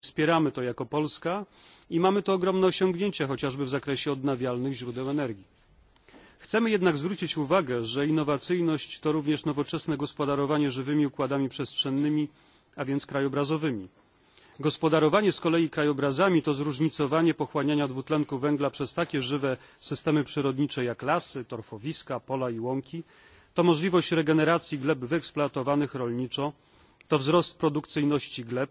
Wspieramy to jako Polska i mamy to ogromne osiągnięcie chociażby w zakresie odnawialnych źródeł energii. Chcemy jednak zwrócić uwagę, że innowacyjność to również nowoczesne gospodarowanie żywymi układami przestrzennymi, a więc krajobrazowymi. Gospodarowanie z kolei krajobrazami to zróżnicowanie pochłaniania dwutlenku węgla przez takie żywe systemy przyrodnicze jak lasy, torfowiska, pola i łąki. To możliwość regeneracji gleb wyeksploatowanych rolniczo, to wzrost produkcyjności gleb,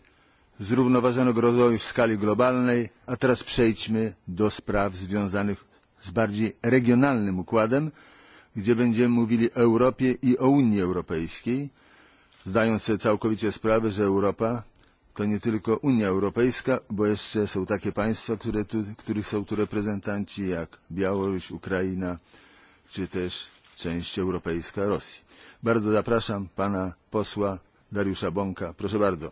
zrównoważonego rozwoju w skali globalnej, a teraz przejdźmy do spraw związanych z bardziej regionalnym układem, gdzie będziemy mówili o Europie i o Unii Europejskiej, zdając sobie całkowicie sprawę, że Europa to nie tylko Unia Europejska, bo jeszcze są takie państwa, które tu, których są tu reprezentanci jak Białoruś, Ukraina, czy też część europejska Rosji. Bardzo zapraszam pana posła Dariusza Bąka. Proszę bardzo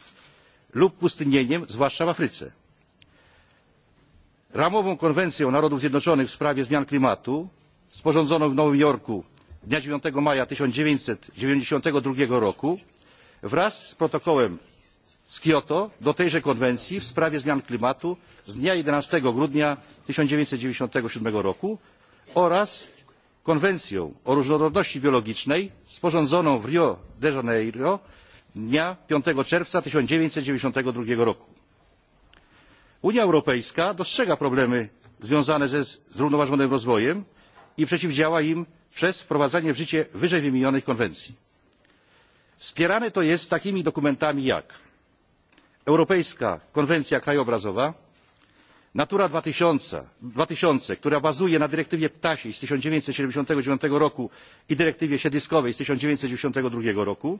lub pustynieniem, zwłaszcza w Afryce. Ramową konwencję Narodów Zjednoczonych w sprawie zmian klimatu, sporządzoną w Nowym Jorku dnia 9 maja 1992 roku, wraz z protokołem z Kioto do tejże konwencji w sprawie zmian klimatu z dnia 11 grudnia 1997 roku oraz konwencją o różnorodności biologicznej sporządzoną w Rio de Janeiro dnia 5 czerwca 1992 roku. Unia Europejska dostrzega problemy związane ze zrównoważonym rozwojem i przeciwdziała im przez wprowadzanie w życie wyżej wymienionych konwencji. Wspierane to jest takimi dokumentami jak Europejska Konwencja Krajobrazowa, Natura 2000, 2000 która bazuje na dyrektywie ptasiej z 1979 roku i dyrektywie siedliskowej z 1992 roku,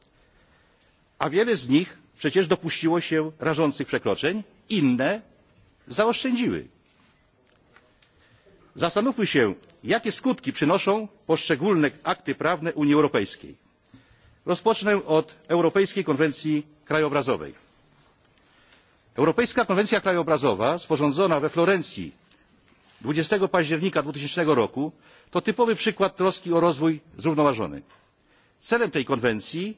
a wiele z nich przecież dopuściło się rażących przekroczeń, inne zaoszczędziły. Zastanówmy się, jakie skutki przynoszą poszczególne akty prawne Unii Europejskiej. Rozpocznę od Europejskiej Konwencji Krajobrazowej. Europejska Konwencja Krajobrazowa, sporządzona we Florencji 20 października 2000 roku, to typowy przykład troski o rozwój zrównoważony. Celem tej konwencji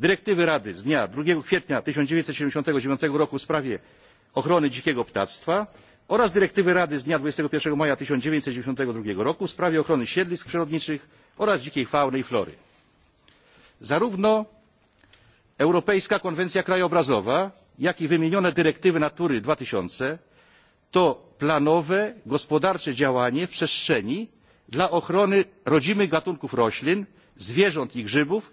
dyrektywy Rady z dnia 2 kwietnia 1979 roku w sprawie ochrony dzikiego ptactwa oraz dyrektywy Rady z dnia 21 maja 1992 roku w sprawie ochrony siedlisk przyrodniczych oraz dzikiej fauny i flory. Zarówno Europejska Konwencja Krajobrazowa, jak i wymienione dyrektywy Natury 2000 to planowe, gospodarcze działanie w przestrzeni dla ochrony rodzimych gatunków roślin, zwierząt i grzybów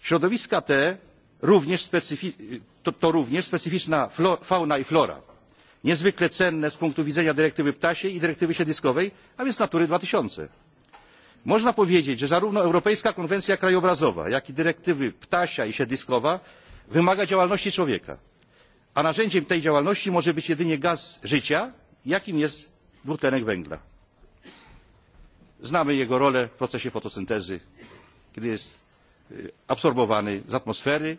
Środowiska te również to, to, również specyficzna fauna i flora, niezwykle cenne z punktu widzenia dyrektywy ptasiej i dyrektywy siedliskowej, a więc Natury dwa tysiące. Można powiedzieć, że zarówno Europejska Konwencja Krajobrazowa, jak i dyrektywy ptasia i siedliskowa wymaga działalności człowieka, a narzędziem tej działalności może być jedynie gaz życia, jakim jest dwutlenek węgla. Znamy jego rolę w procesie fotosyntezy, kiedy jest E, absorbowany z atmosfery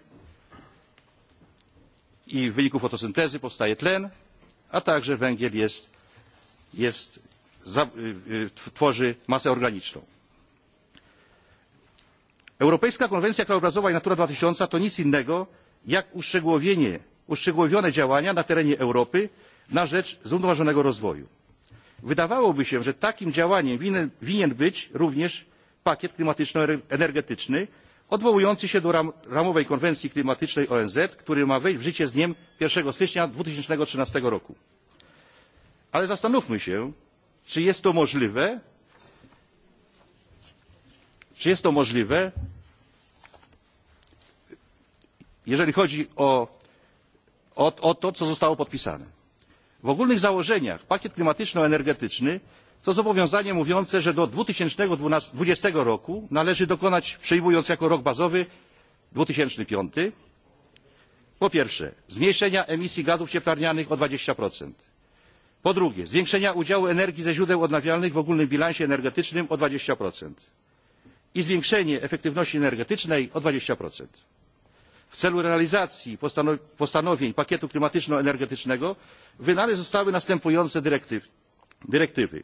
i w wyniku fotosyntezy powstaje tlen, a także węgiel jest, jest, e, e, tworzy masę organiczną. Europejska Konwencja Krajobrazowa i Natura 2000 to nic innego jak uszczegółowienie, uszczegółowione działania na terenie Europy na rzecz zrównoważonego rozwoju. Wydawałoby się, że takim działaniem winien, winien być również pakiet klimatyczno-energetyczny, odwołujący się do ram ramowej konwencji klimatycznej ONZ, który ma wejść w życie z dniem 1 stycznia 2013 roku. Ale zastanówmy się, czy jest to możliwe, czy jest to możliwe, jeżeli chodzi o, o, o to, co zostało podpisane. W ogólnych założeniach pakiet klimatyczno-energetyczny To zobowiązanie mówiące, że do 2020 roku należy dokonać, przyjmując jako rok bazowy 2005, po pierwsze, zmniejszenia emisji gazów cieplarnianych o 20%. Po drugie, zwiększenia udziału energii ze źródeł odnawialnych w ogólnym bilansie energetycznym o 20% i zwiększenie efektywności energetycznej o 20%. W celu realizacji postanowień pakietu klimatyczno-energetycznego wydane zostały następujące dyrektywy. dyrektywy.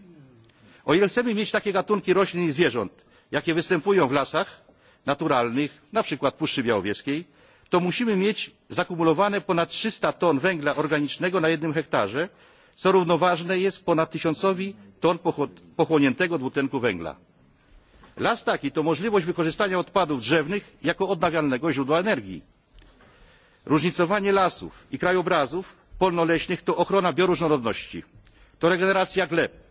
O ile chcemy mieć takie gatunki roślin i zwierząt, jakie występują w lasach naturalnych, na przykład Puszczy Białowieskiej, to musimy mieć zakumulowane ponad 300 ton węgla organicznego na jednym hektarze, co równoważne jest ponad tysiącowi ton pochłoniętego dwutlenku węgla. Las taki to możliwość wykorzystania odpadów drzewnych jako odnawialnego źródła energii. Różnicowanie lasów i krajobrazów polnoleśnych to ochrona bioróżnorodności, to regeneracja gleb,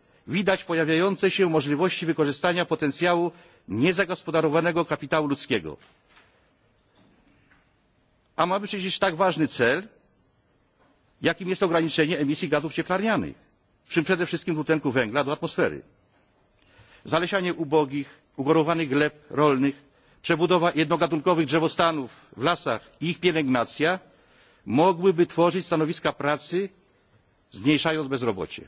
widać pojawiające się możliwości wykorzystania potencjału niezagospodarowanego kapitału ludzkiego. A mamy przecież tak ważny cel, jakim jest ograniczenie emisji gazów cieplarnianych, w czym przede wszystkim dwutlenku węgla do atmosfery. Zalesianie ubogich, ugorowanych gleb rolnych, przebudowa jednogatunkowych drzewostanów w lasach i ich pielęgnacja mogłyby tworzyć stanowiska pracy, zmniejszając bezrobocie.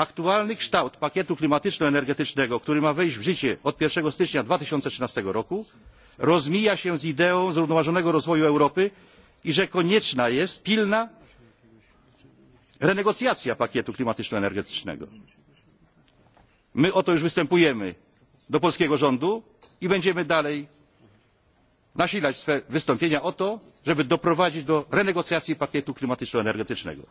Aktualny kształt pakietu klimatyczno-energetycznego, który ma wejść w życie od 1 stycznia trzynaście roku, rozmija się z ideą zrównoważonego rozwoju Europy i że konieczna jest pilna renegocjacja pakietu klimatyczno-energetycznego. My o to już występujemy do polskiego rządu i będziemy dalej nasilać swe wystąpienia o to, żeby doprowadzić do renegocjacji pakietu klimatyczno-energetycznego.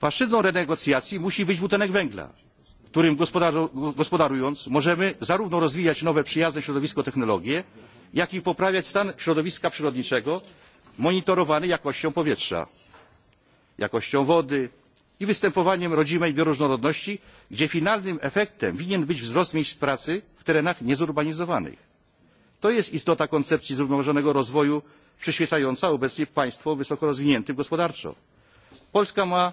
Płaszczyzną renegocjacji musi być dwutlenek węgla, którym gospodarując możemy zarówno rozwijać nowe przyjazne środowisko technologie, jak i poprawiać stan środowiska przyrodniczego monitorowany jakością powietrza, jakością wody i występowaniem rodzimej bioróżnorodności, gdzie finalnym efektem winien być wzrost miejsc pracy w terenach niezurbanizowanych. To jest istota koncepcji zrównoważonego rozwoju przyświecająca obecnie państwom wysoko rozwiniętym gospodarczo. Polska ma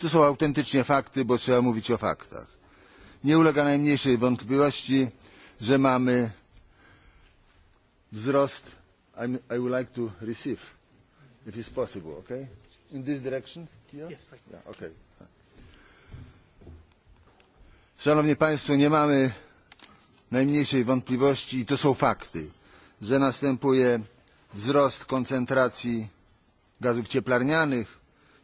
To są autentycznie fakty, bo trzeba mówić o faktach. Nie ulega najmniejszej wątpliwości, że mamy wzrost. I'm, I would like to receive, if it's possible, okay? In this direction? Here? Yes, right. yeah, okay. Szanowni Państwo, nie mamy najmniejszej wątpliwości i to są fakty, że następuje wzrost koncentracji gazów cieplarnianych,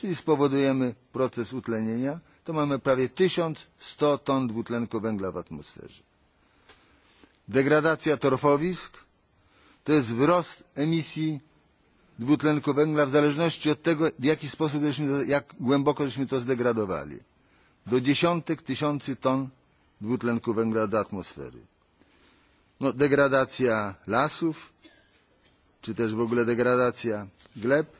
czyli spowodujemy proces utlenienia, to mamy prawie 1100 ton dwutlenku węgla w atmosferze. Degradacja torfowisk to jest wzrost emisji dwutlenku węgla w zależności od tego, w jaki sposób, żeśmy to, jak głęboko żeśmy to zdegradowali. Do dziesiątek tysiący ton dwutlenku węgla do atmosfery. No, degradacja lasów, czy też w ogóle degradacja gleb,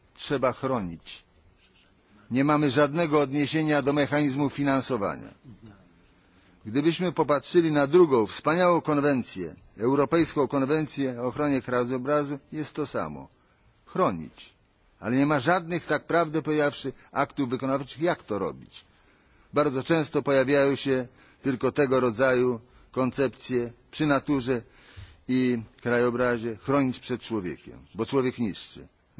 trzeba chronić. Nie mamy żadnego odniesienia do mechanizmu finansowania. Gdybyśmy popatrzyli na drugą wspaniałą konwencję, Europejską Konwencję o ochronie krajobrazu, jest to samo. Chronić. Ale nie ma żadnych, tak prawdę pojawszy, aktów wykonawczych, jak to robić. Bardzo często pojawiają się tylko tego rodzaju koncepcje przy naturze i krajobrazie chronić przed człowiekiem, bo człowiek niszczy.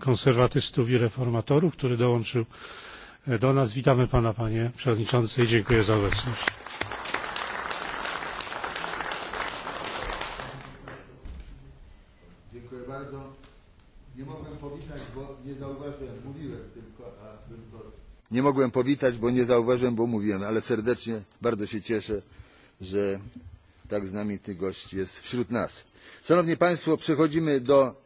konserwatystów i reformatorów, który dołączył e, do nas. Witamy Pana, Panie Przewodniczący i dziękuję za obecność. Dziękuję bardzo. Nie mogłem powitać, bo nie zauważyłem, mówiłem tylko, a tylko... Nie mogłem powitać, bo nie zauważyłem, bo mówiłem, ale serdecznie bardzo się cieszę, że tak znamity gość jest wśród nas. Szanowni Państwo, przechodzimy do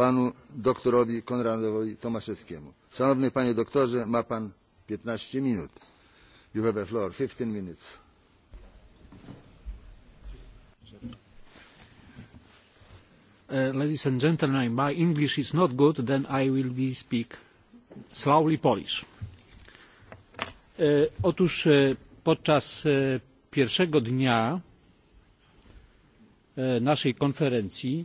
panu doktorowi Konradowi Tomaszewskiemu. Szanowny panie doktorze, ma pan 15 minut. You have a floor, 15 minutes. Uh, ladies and gentlemen, my English is not good, then I will be speak slowly Polish. Uh, otóż uh, podczas uh, pierwszego dnia uh, naszej konferencji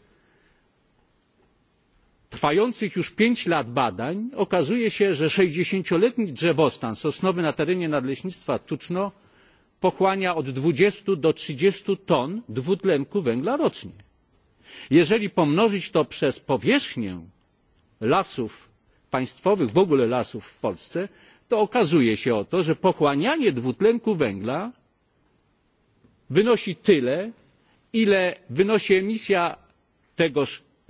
trwających już pięć lat badań okazuje się, że 60-letni drzewostan sosnowy na terenie nadleśnictwa Tuczno pochłania od 20 do 30 ton dwutlenku węgla rocznie. Jeżeli pomnożyć to przez powierzchnię lasów państwowych, w ogóle lasów w Polsce, to okazuje się oto, że pochłanianie dwutlenku węgla wynosi tyle, ile wynosi emisja tegoż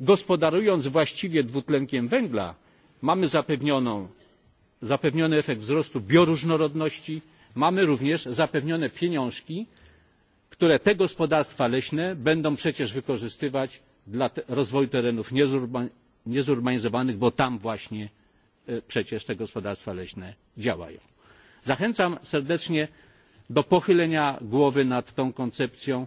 gospodarując właściwie dwutlenkiem węgla mamy zapewniony efekt wzrostu bioróżnorodności, mamy również zapewnione pieniążki, które te gospodarstwa leśne będą przecież wykorzystywać dla rozwoju terenów niezurbanizowanych, bo tam właśnie e, przecież te gospodarstwa leśne działają. Zachęcam serdecznie do pochylenia głowy nad tą koncepcją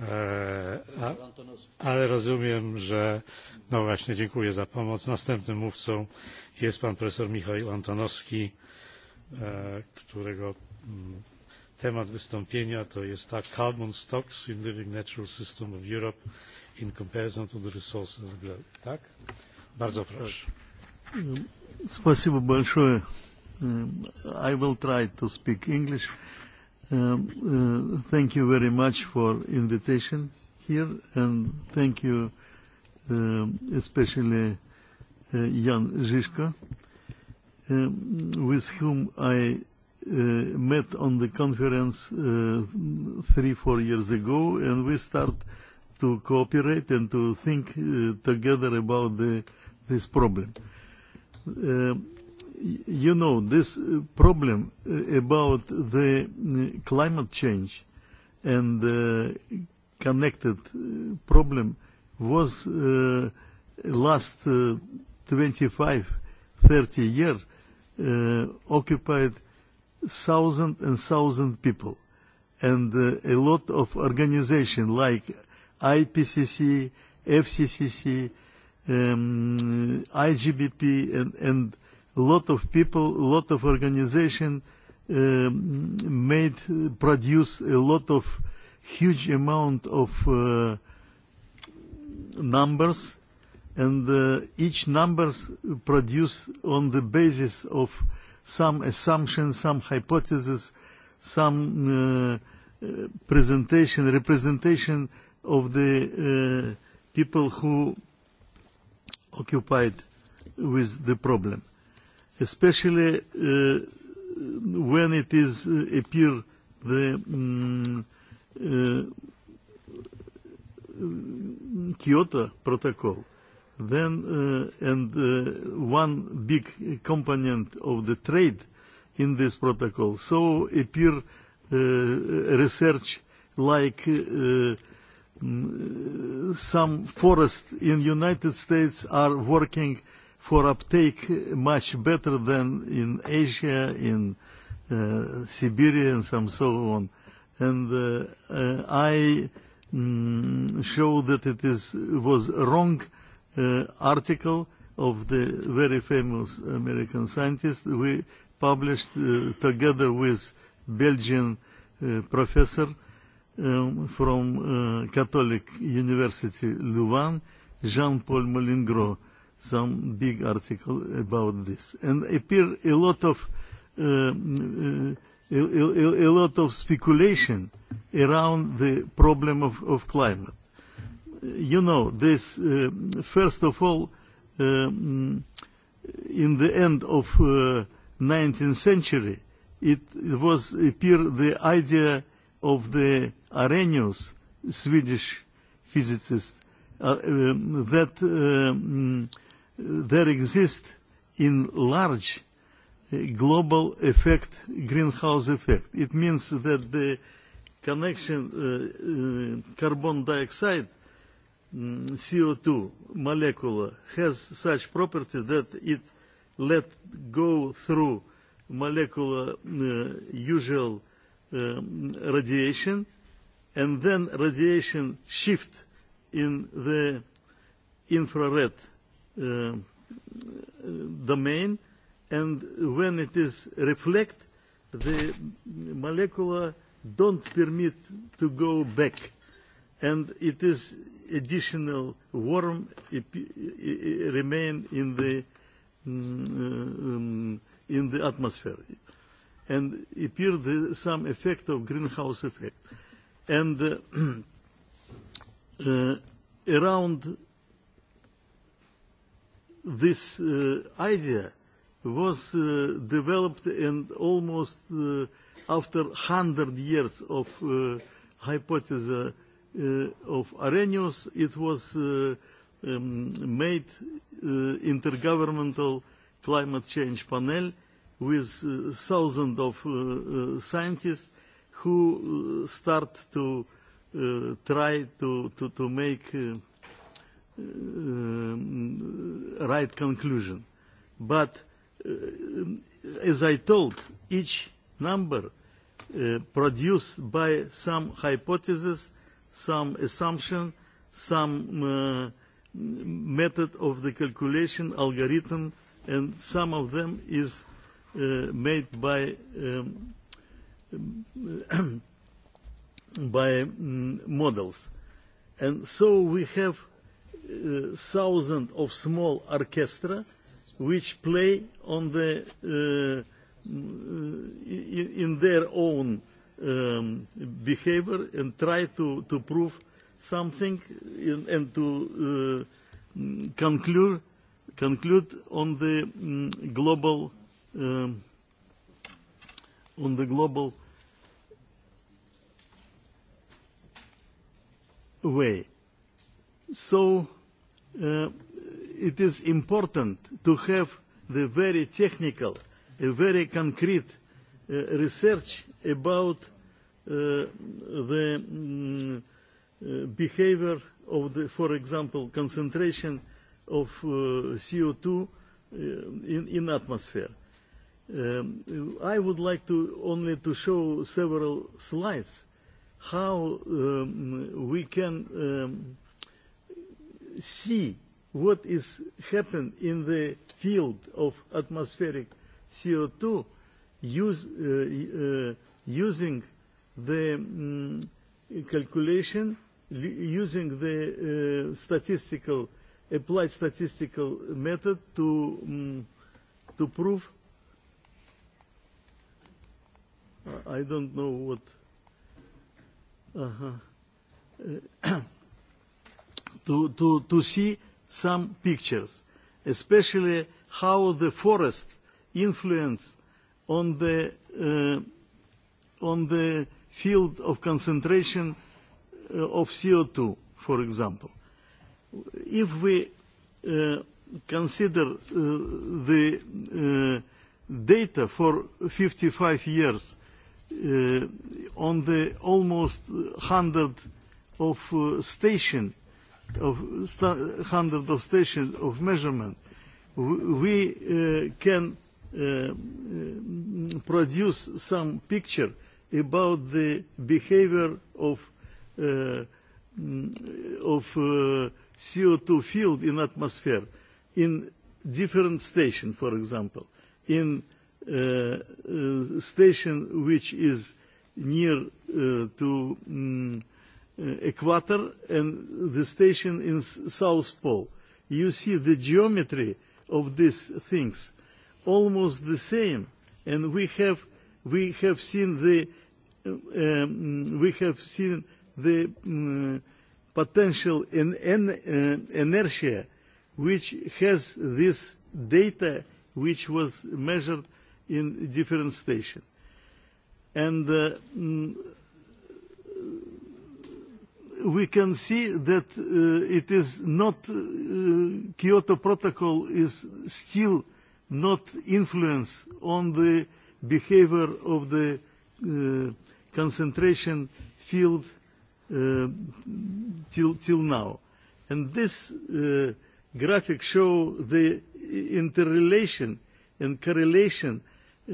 E, ale rozumiem, że no właśnie dziękuję za pomoc. Następnym mówcą jest pan profesor Michał Antonowski, e, którego mm, temat wystąpienia to jest ta carbon stocks in living natural system of Europe in comparison to the resources of the globe. Tak? Bardzo proszę. Спасибо большое. I will try to speak English. Um, uh, thank you very much for invitation here and thank you um, especially uh, Jan Zizka, um, with whom I uh, met on the conference uh, three, four years ago, and we start to cooperate and to think uh, together about the, this problem. Um, you know, this uh, problem uh, about the uh, climate change and the connected problem was uh, last uh, 25, 30 years uh, occupied thousand and thousand people. And uh, a lot of organization like IPCC, FCCC, um, IGBP, and, and lot of people, a lot of organization uh, made, produce a lot of huge amount of uh, numbers and uh, each numbers produced on the basis of some assumptions, some hypotheses, some uh, presentation, representation of the uh, people who occupied with the problem especially uh, when it is uh, appear the um, uh, Kyoto Protocol, then uh, and uh, one big component of the trade in this protocol. So appear uh, research like uh, mm, some forests in United States are working uh, for uptake much better than in Asia, in uh, Siberia and some so on. And uh, uh, I mm, show that it is, was wrong uh, article of the very famous American scientist we published uh, together with Belgian uh, professor um, from uh, Catholic University Louvain, Jean-Paul Molingro some big article about this. And appear a lot of uh, uh, a, a, a lot of speculation around the problem of, of climate. You know, this uh, first of all, um, in the end of uh, 19th century, it was appear the idea of the Arrhenius, Swedish physicist, uh, um, that um, there exist in large uh, global effect, greenhouse effect. It means that the connection uh, uh, carbon dioxide, um, mm, CO2 molecule has such property that it let go through molecular uh, usual um, radiation and then radiation shift in the infrared uh, uh, domain and when it is reflect the molecule don't permit to go back and it is additional warm remain in the mm, uh, um, in the atmosphere and appear the, some effect of greenhouse effect and uh, uh, around this uh, idea was uh, developed and almost uh, after 100 years of uh, hypothesis uh, of Arrhenius, it was uh, um, made uh, intergovernmental climate change panel with uh, thousands of uh, uh, scientists who uh, start to uh, try to, to, to make uh, uh, right conclusion. But uh, as I told, each number uh, produced by some hypothesis, some assumption, some uh, method of the calculation algorithm, and some of them is uh, made by um, by um, models. And so we have uh, thousands of small orchestra which play on the uh, in, in their own um, behavior and try to, to prove something in, and to uh, conclude conclude on the um, global um, on the global way. So uh, it is important to have the very technical, a very concrete uh, research about uh, the um, uh, behavior of the, for example, concentration of uh, CO2 uh, in, in atmosphere. Um, I would like to only to show several slides how um, we can um, see what is happened in the field of atmospheric CO2 use, uh, uh, using the um, calculation, using the uh, statistical, applied statistical method to, um, to prove I don't know what. Uh-huh. Uh, to, to, to see some pictures, especially how the forest influence on the, uh, on the field of concentration uh, of CO2, for example. If we uh, consider uh, the uh, data for 55 years uh, on the almost 100 of uh, station of st standard of station of measurement, we uh, can uh, mm, produce some picture about the behavior of uh, mm, of uh, CO2 field in atmosphere in different station, for example, in uh, uh, station which is near uh, to um, Uh, equator and the station in South Pole. You see the geometry of these things almost the same, and we have we have seen the uh, um, we have seen the um, potential in, in uh, inertia which has this data which was measured in different stations. And uh, mm, we can see that uh, it is not, uh, Kyoto Protocol is still not influence on the behavior of the uh, concentration field uh, till, till now. And this uh, graphic show the interrelation and correlation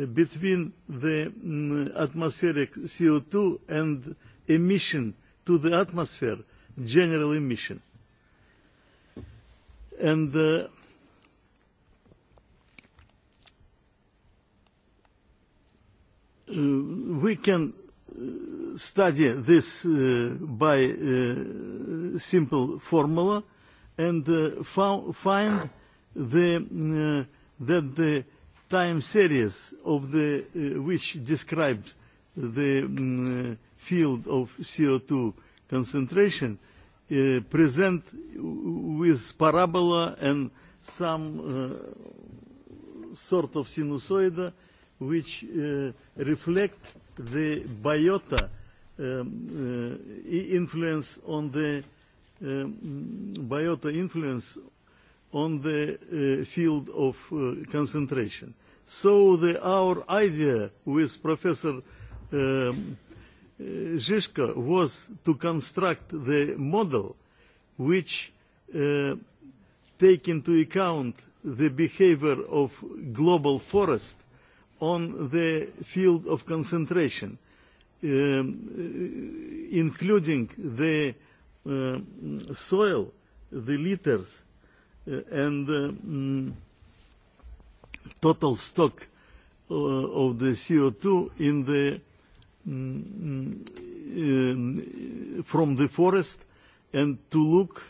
uh, between the um, atmospheric CO2 and emission to the atmosphere, general emission. And uh, uh, we can uh, study this uh, by uh, simple formula and uh, find the, uh, that the time series of the, uh, which describes the mm, uh, field of CO2 concentration uh, present with parabola and some uh, sort of sinusoid which uh, reflect the biota um, uh, influence on the um, biota influence on the uh, field of uh, concentration. So the, our idea with Professor um, Eh, Zizka was to construct the model which uh, take into account the behavior of global forest on the field of concentration, um, including the uh, soil, the litters, uh, and uh, um, total stock uh, of the CO2 in the um, from the forest and to look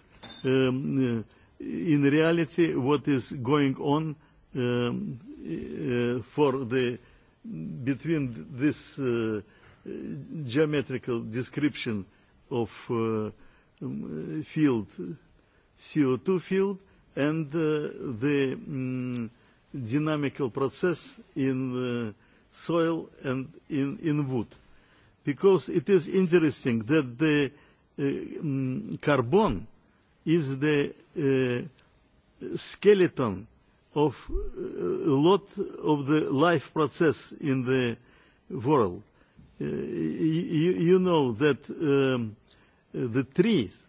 um, uh, in reality what is going on um, uh, for the between this uh, geometrical description of uh, um, field CO2 field and uh, the um, dynamical process in uh, soil and in, in wood because it is interesting that the uh, um, carbon is the uh, skeleton of uh, a lot of the life process in the world. Uh, you, you know that um, the trees,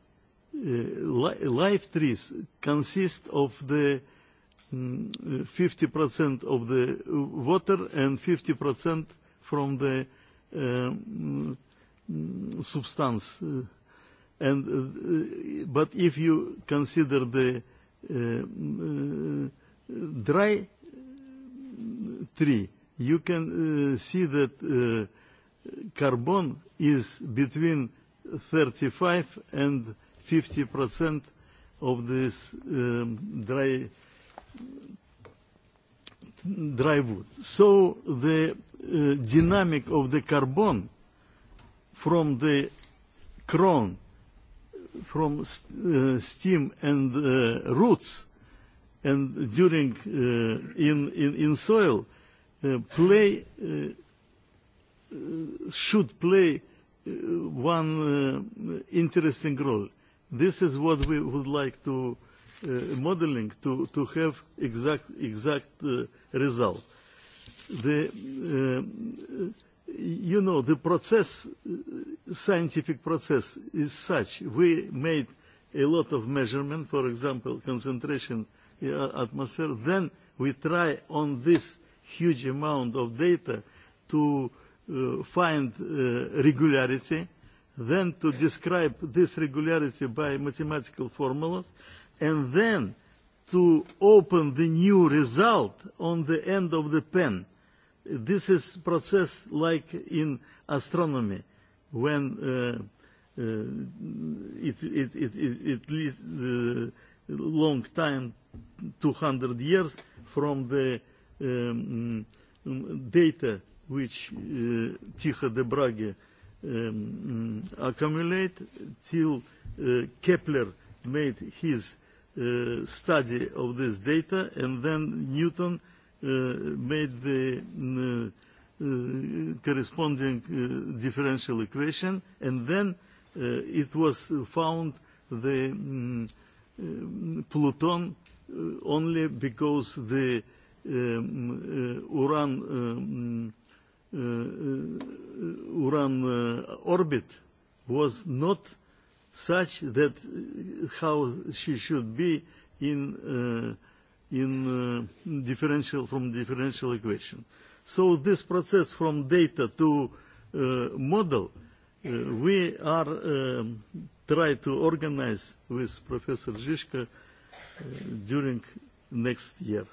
uh, li life trees, consist of the um, mm, 50% of the water and 50% from the uh, Um, mm, substance. Uh, and uh, uh, but if you consider the uh, uh, dry uh, tree, you can uh, see that uh, carbon is between 35 and 50 percent of this um, dry dry wood. So the Uh, dynamic of the carbon from the crown, from st uh, steam and uh, roots, and during uh, in, in, in soil, uh, play uh, uh, should play uh, one uh, interesting role. This is what we would like to uh, modeling to, to have exact, exact uh, result the, uh, you know, the process, scientific process is such. We made a lot of measurement, for example, concentration in atmosphere. Then we try on this huge amount of data to uh, find uh, regularity, then to describe this regularity by mathematical formulas, and then to open the new result on the end of the pen this is process like in astronomy when uh, uh, it, it, it, it, it leads uh, long time, 200 years from the um, um, data which uh, Tycho de Brage um, accumulate till uh, Kepler made his uh, study of this data and then Newton uh, Eh, made the uh, corresponding uh, differential equation and then uh, it was found the um, uh, Pluton only because the um, uh, Uran um, uh, Uran uh, orbit was not such that how she should be in uh, in uh, differential, from differential equation. So this process from data to uh, model, uh, we are uh, try to organize with Professor Zizka uh, during next year.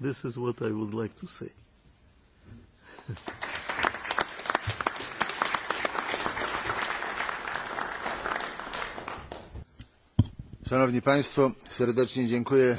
This is what I would like to say. Szanowni Państwo, serdecznie dziękuję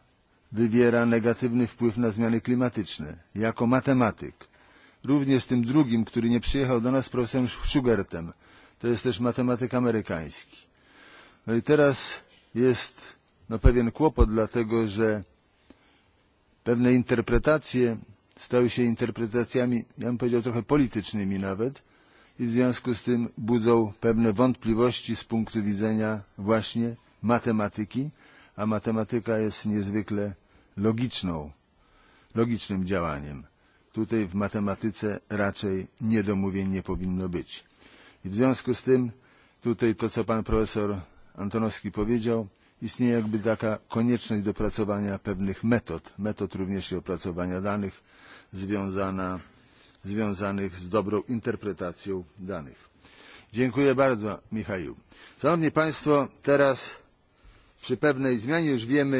wywiera negatywny wpływ na zmiany klimatyczne, jako matematyk. Również tym drugim, który nie przyjechał do nas, profesorem Schugertem. To jest też matematyk amerykański. No i teraz jest no, pewien kłopot, dlatego że pewne interpretacje stały się interpretacjami, ja bym powiedział, trochę politycznymi nawet i w związku z tym budzą pewne wątpliwości z punktu widzenia właśnie matematyki, a matematyka jest niezwykle logiczną, logicznym działaniem. Tutaj w matematyce raczej niedomówień nie powinno być. I w związku z tym tutaj to, co pan profesor Antonowski powiedział, istnieje jakby taka konieczność dopracowania pewnych metod, metod również i opracowania danych związana, związanych z dobrą interpretacją danych. Dziękuję bardzo, Michał. Szanowni Państwo, teraz przy pewnej zmianie już wiemy,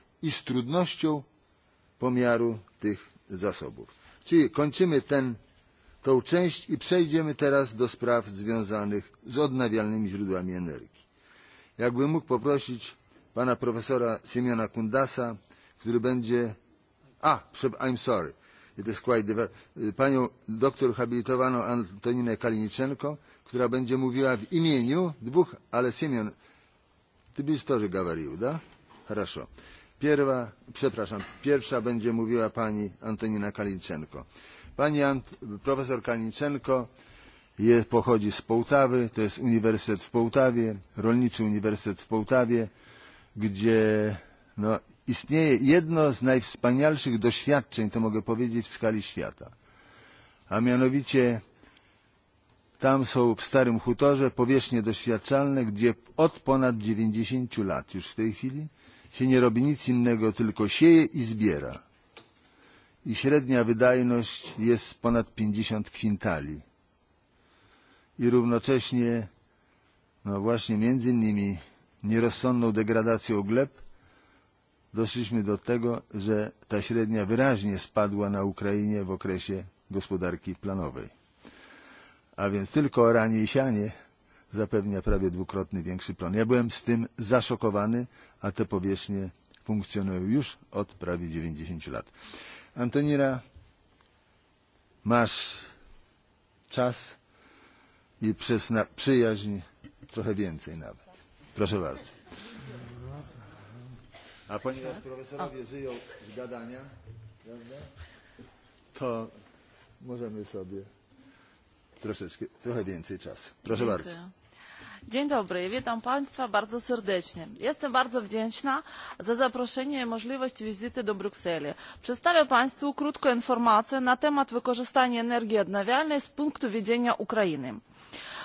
i z trudnością pomiaru tych zasobów. Czyli kończymy ten, tą część i przejdziemy teraz do spraw związanych z odnawialnymi źródłami energii. Jakbym mógł poprosić pana profesora Siemiona Kundasa, który będzie... A, I'm sorry. It is quite different. Panią doktor habilitowaną Antoninę Kaliniczenko, która będzie mówiła w imieniu dwóch, ale Siemion, ty byś to, że gawarił, da? Хорошо. Pierwa, przepraszam, pierwsza będzie mówiła pani Antonina Kalinczenko. Pani Ant profesor Kalinczenko je, pochodzi z Połtawy, to jest Uniwersytet w Połtawie, Rolniczy Uniwersytet w Połtawie, gdzie no, istnieje jedno z najwspanialszych doświadczeń, to mogę powiedzieć, w skali świata. A mianowicie tam są w Starym Hutorze powierzchnie doświadczalne, gdzie od ponad 90 lat już w tej chwili się nie robi nic innego, tylko sieje i zbiera. I średnia wydajność jest ponad 50 kwintali. I równocześnie, no właśnie między innymi nierozsądną degradacją gleb, doszliśmy do tego, że ta średnia wyraźnie spadła na Ukrainie w okresie gospodarki planowej. A więc tylko ranie i sianie zapewnia prawie dwukrotnie większy plon. Ja byłem z tym zaszokowany, a te powierzchnie funkcjonują już od prawie 90 lat. Antonira, masz czas i przez na przyjaźń trochę więcej nawet. Proszę bardzo. A ponieważ profesorowie żyją z gadania, prawda, to możemy sobie troszeczkę, trochę więcej czasu. Proszę Dziękuję. bardzo. Dzień dobry, witam Państwa bardzo serdecznie. Jestem bardzo wdzięczna za zaproszenie i możliwość wizyty do Brukseli. Przedstawię Państwu krótką informację na temat wykorzystania energii odnawialnej z punktu widzenia Ukrainy.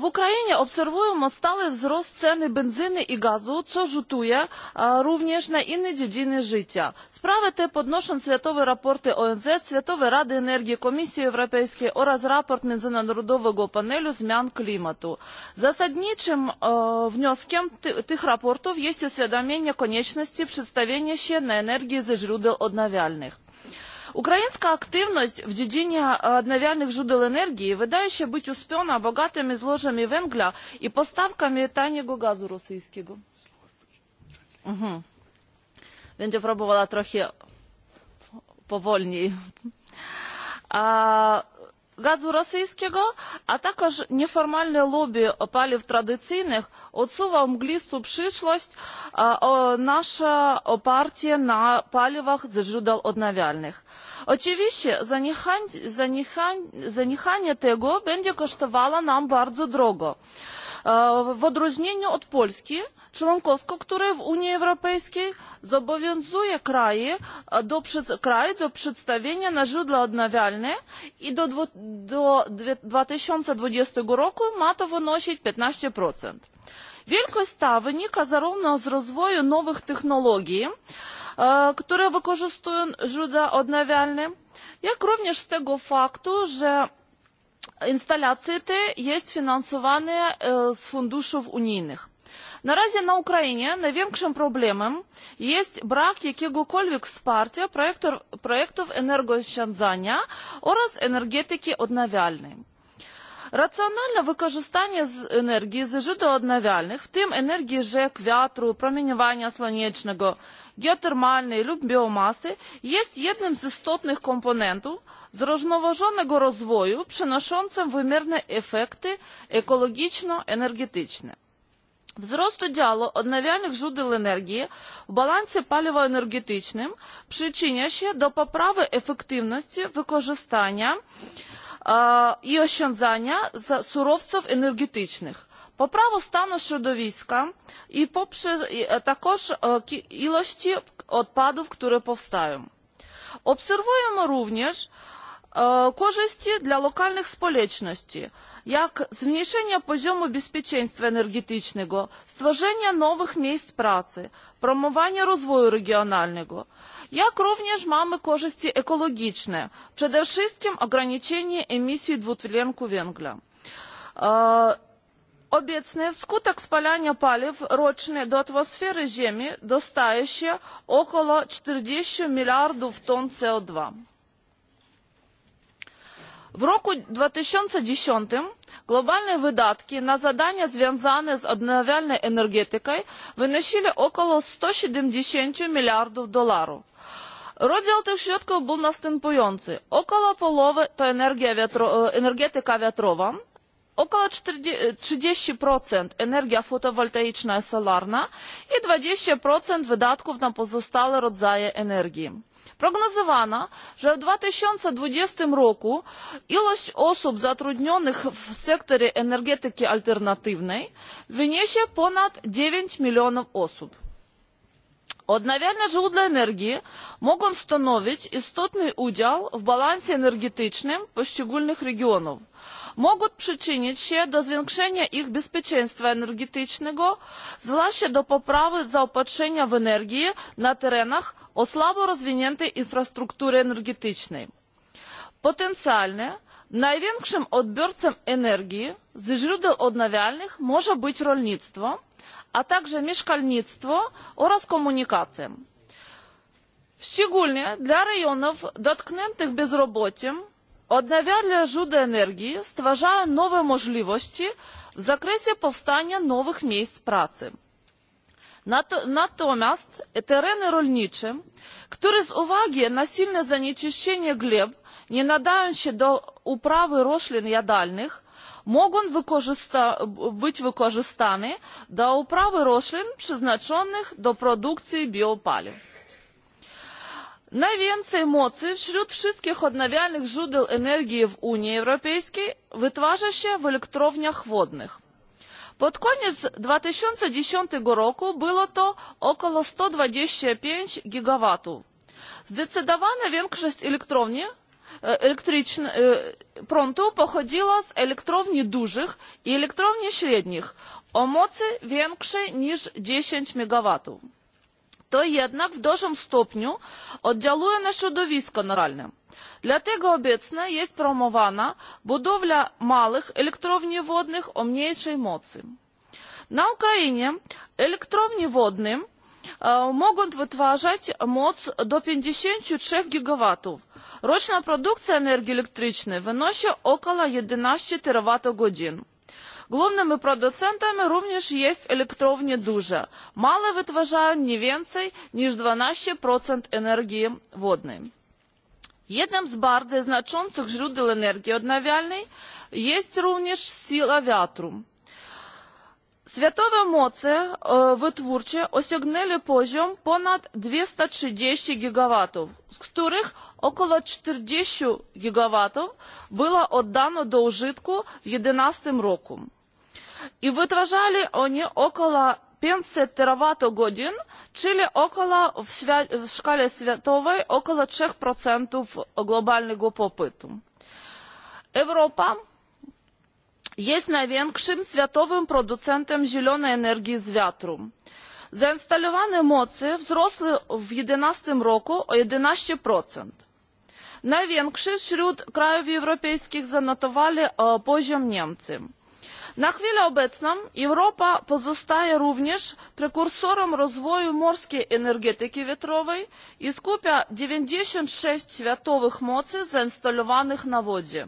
W Ukrainie obserwujemy stały wzrost ceny benzyny i gazu, co rzutuje również na inne dziedziny życia. Sprawy te podnoszą światowe raporty ONZ, Światowej Rady Energii, Komisji Europejskiej oraz raport Międzynarodowego Panelu Zmian Klimatu. Zasadniczym wnioskiem tych raportów jest uświadomienie konieczności przedstawienia się na energię ze źródeł odnawialnych. Украинская активность в dziedzinie odnawialnych źródeł energii wydaje się być uspiona bogatymi złożami węgla i postawkami taniego gazu rosyjskiego. Mhm. Będzie próbowała trochę powolniej gazu rosyjskiego, a także nieformalne lobby paliw tradycyjnych odsuwa w mglistą przyszłość nasze oparcie na paliwach ze źródeł odnawialnych. Oczywiście zaniechanie tego będzie kosztowało nam bardzo drogo. W odróżnieniu od Polski, członkowską, które w Unii Europejskiej zobowiązuje kraje e, do, do przedstawienia na źródła odnawialne i do, do 2020 roku ma to wynosić 15%. Wielkość ta wynika zarówno z rozwoju nowych technologii, e, które wykorzystują źródła odnawialne, jak również z tego faktu, że instalacje te jest finansowane e, z funduszów unijnych. Na razie na Ukrainie największym problemem jest brak jakiegokolwiek wsparcia projektor, projektów energooszczędzania oraz energetyki odnawialnej. Racjonalne wykorzystanie energii z źródeł odnawialnych, w tym energii rzek, wiatru, promieniowania słonecznego, geotermalnej lub biomasy, jest jednym z istotnych komponentów zrównoważonego rozwoju приношенцем wymierne efekty ekologiczno-energetyczne. Wzrostu działu odnawialnych źródeł energii w balansie paliwo energetycznym przyczynia się do poprawy efektywności wykorzystania e, i oszczędzania surowców energetycznych. Poprawa stanu środowiska i poprzez e, e ilości odpadów, które powstają. Obserwujemy również e, korzyści dla lokalnych społeczności jak zmniejszenie poziomu bezpieczeństwa energetycznego, stworzenie nowych miejsc pracy, promowanie rozwoju regionalnego, jak również mamy korzyści ekologiczne, przede wszystkim ograniczenie emisji dwutlenku węgla. E, obecny wskutek spalania paliw rocznie do atmosfery Ziemi dostaje się około 40 miliardów ton CO2. W roku dwa 2010 globalne wydatki na zadania związane z odnawialną energetyką wynosiły około sto 170 miliardów dolarów. Rozdział tych środków był następujący. Około połowy to e, energetyka wiatrowa, około 30% energia fotowoltaiczna i solarna i 20% wydatków na pozostałe rodzaje energii. Prognozowano, że w 2020 roku ilość osób zatrudnionych w sektorze energetyki alternatywnej wyniesie ponad dziewięć milionów osób. Odnawialne źródła energii mogą stanowić istotny udział w balansie energetycznym poszczególnych regionów. Mogą przyczynić się do zwiększenia ich bezpieczeństwa energetycznego, zwłaszcza do poprawy zaopatrzenia w energię na terenach o slabo rozwiniętej infrastruktury energetycznej. Potencjalnie największym odbiorcą energii ze źródeł odnawialnych może być rolnictwo, a także mieszkalnictwo oraz komunikacja. Szczególnie dla rejonów dotkniętych bezrobociem odnawialne źródła energii stwarzają nowe możliwości w zakresie powstania nowych miejsc pracy. Natomiast tereny rolnicze, które z uwagi na silne zanieczyszczenie gleb nie nadają się do uprawy roślin jadalnych, mogą wykorzysta być wykorzystane do uprawy roślin przeznaczonych do produkcji biopaliw. Najwięcej mocy wśród wszystkich odnawialnych źródeł energii w Unii Europejskiej wytwarza się w elektrowniach wodnych. Pod koniec 2010 roku było to około 125 gigawatów. Zdecydowana większość elektrowni elektrycznych prądu pochodziła z elektrowni dużych i elektrowni średnich o mocy większej niż 10 MW. To jednak w dużym stopniu oddziałuje na środowisko naturalne. Dlatego obecnie jest promowana budowla małych elektrowni wodnych o mniejszej mocy. Na Ukrainie elektrowni wodne mogą wytwarzać moc do 53 gigawatów. Roczna produkcja energii elektrycznej wynosi około 11 terawatogodzin. Głównymi producentami również jest elektrownie duże. Małe wytwarzają nie więcej niż 12% energii wodnej. Jednym z bardzo znaczących źródeł energii odnawialnej jest również siła wiatru. Światowe moce e, wytwórcze osiągnęły poziom ponad 230 GW, z których około 40 GW było oddano do użytku w 2011 roku. I wytwarzali oni około 500 godzin, czyli około w, świ- w szkale światowej około 3% globalnego popytu. Europa jest największym światowym producentem zielonej energii z wiatru. Zainstalowane mocy wzrosły w 2011 roku o 11%. Największy wśród krajów europejskich zanotowali poziom Niemcy Na chwilę obecną Europa pozostaje również prekursorem rozwoju morskiej energetyki wiatrowej i skupia 96 światowych mocy zainstalowanych na wodzie.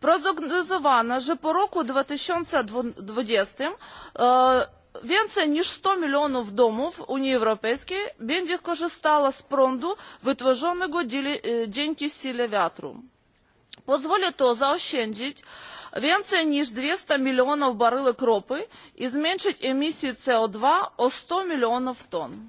Prognozowano, że po roku 2020 e, więcej niż 100 milionów domów Unii Europejskiej będzie korzystało z prądu wytworzonego e, dzięki sile wiatru. Pozwoli to zaoszczędzić więcej niż 200 milionów baryłek ropy i zmniejszyć emisję CO2 o 100 milionów ton.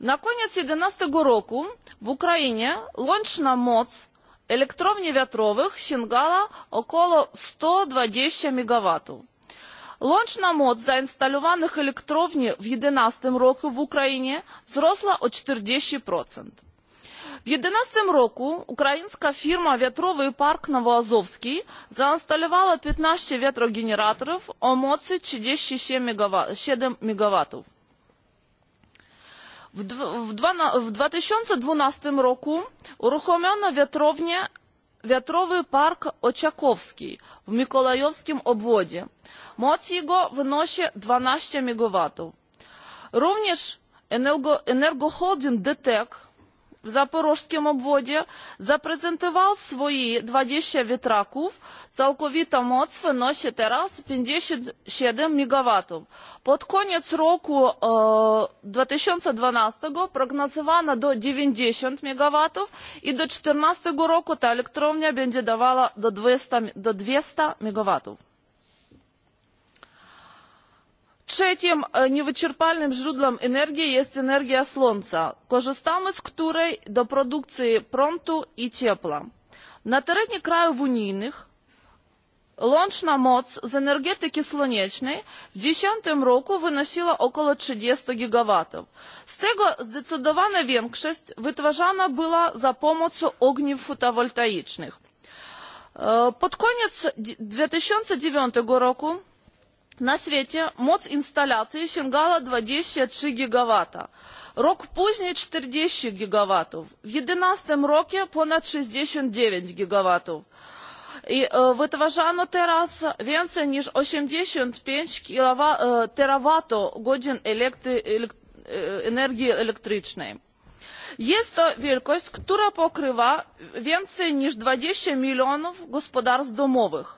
Na koniec 2011 roku w Ukrainie łączna moc elektrowni wiatrowych sięgała około 120 MW. Łączna moc zainstalowanych elektrowni w 2011 roku w Ukrainie wzrosła o 40%. W 2011 roku ukraińska firma Wiatrowy Park Nowoazowski zainstalowała 15 wiatrogeneratorów o mocy 37 MW. W 2012 roku uruchomiono wiatrownię Wiatrowy park Oczakowski w Mikołajowskim obwodzie. Moc jego wynosi 12 MW. Również energoholding DTEK в Запорожському обводі запрезентував свої 20 вітраків, цілковіта моць виносить раз 57 МВт. Под конець року э, е, 2012 прогнозовано до 90 МВт і до 2014 року та електроння бенді давала до 200, до 200 МВт. Trzecim e, niewyczerpalnym źródłem energii jest energia słońca. Korzystamy z której do produkcji prądu i ciepła. Na terenie krajów unijnych łączna moc z energetyki słonecznej w 2010 roku wynosiła około 30 gigawatów. Z tego zdecydowana większość wytwarzana była za pomocą ogniw fotowoltaicznych. E, pod koniec 2009 roku На свете моц инсталляции сингала 23 гигаватта. Рок поздний 40 гигаваттов. В 11 роке понад 69 гигаваттов. И э, витважано террас венце, ниж 85 кілова, е, э, теравато годин электри, елек, е, енергії електричної. Jest to wielkość, która pokrywa więcej niż 20 миллионов господарств домовых.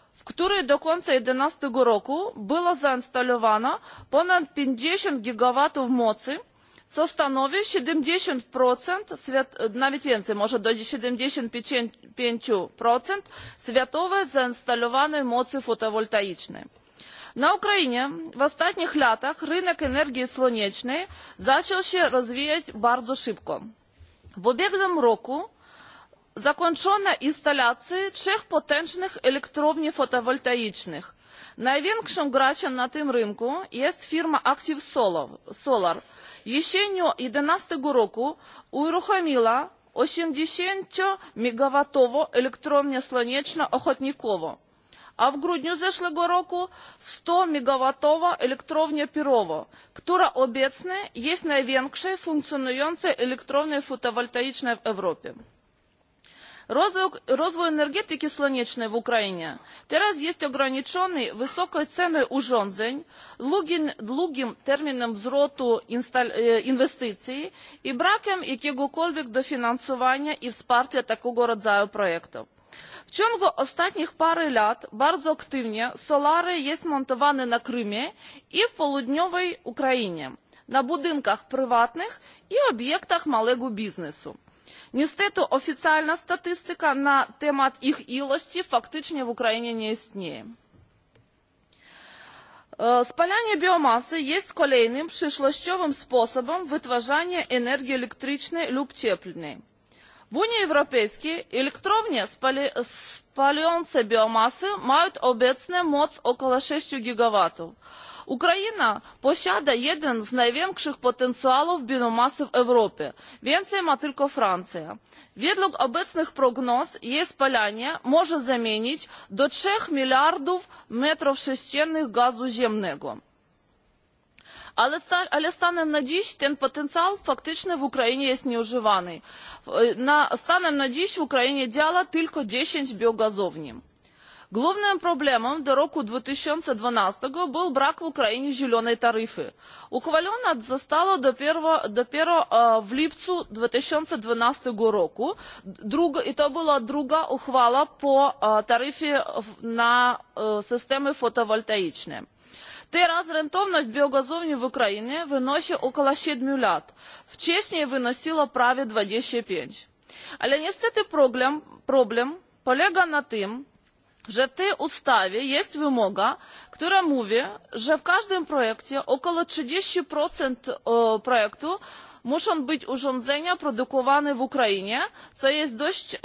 w której do końca 2011 roku było заинсталлировано ponad 50 в mocy, co stanowi 70%, свят... nawet więcej, может, до 75% światowej zainstalowanej mocy fotowoltaicznej. Na Ukrainie w ostatnich latach rynek energii słonecznej zaczął się rozwijać bardzo szybko. W ubiegłym roku zakończono instalacje trzech potężnych elektrowni fotowoltaicznych. Największym graczem na tym rynku jest firma Active Solar. Jesienią 2011 roku uruchomiła 80-megawatową elektrownię słoneczno-ochotnikową, a w grudniu zeszłego roku 100-megawatową elektrownię Pirowo, która obecnie jest największą funkcjonującą elektrownią fotowoltaiczną w Europie. Rozwój energetyki słonecznej w Ukrainie teraz jest ograniczony wysoką ceną urządzeń, długim, długim terminem wzrostu inwestycji i brakiem jakiegokolwiek dofinansowania i wsparcia takiego rodzaju projektów. W ciągu ostatnich pary lat bardzo aktywnie solary jest montowane na Krymie i w południowej Ukrainie, na budynkach prywatnych i obiektach małego biznesu. Niestety oficjalna statystyka na temat ich ilości faktycznie w Ukrainie nie istnieje. Spalanie biomasy jest kolejnym przyszłościowym sposobem wytwarzania energii elektrycznej lub cieplnej. W Unii Europejskiej elektrownie spali spalające biomasy mają obecnie moc około 6 gigawatów. Ukraina posiada jeden z największych potencjałów biomasy w Europie. Więcej ma tylko Francja. Według obecnych prognoz jej spalanie może zamienić do 3 miliardów metrów sześciennych gazu ziemnego. Ale, stanem na dziś ten potencjał faktycznie w Ukrainie jest nieużywany. stanem na dziś w Ukrainie działa tylko dziesięć biogazowni. Главным проблемом до року 2012 был брак в Украине зеленой тарифы. Ухвален от застала до первого, до первого э, в липцу 2012 -го року. Друг, и то была друга ухвала по э, тарифе на э, системы фотовольтаичные. Teraz rentowność biogazowni w Ukrainie wynosi około 7 lat. Wcześniej wynosiła prawie 25. Ale niestety problem, problem polega na tym, że w tej ustawie jest wymoga która mówi że w każdym projekcie około trzydzieści e, projektu muszą być urządzenia produkowane w ukrainie co jest dość e,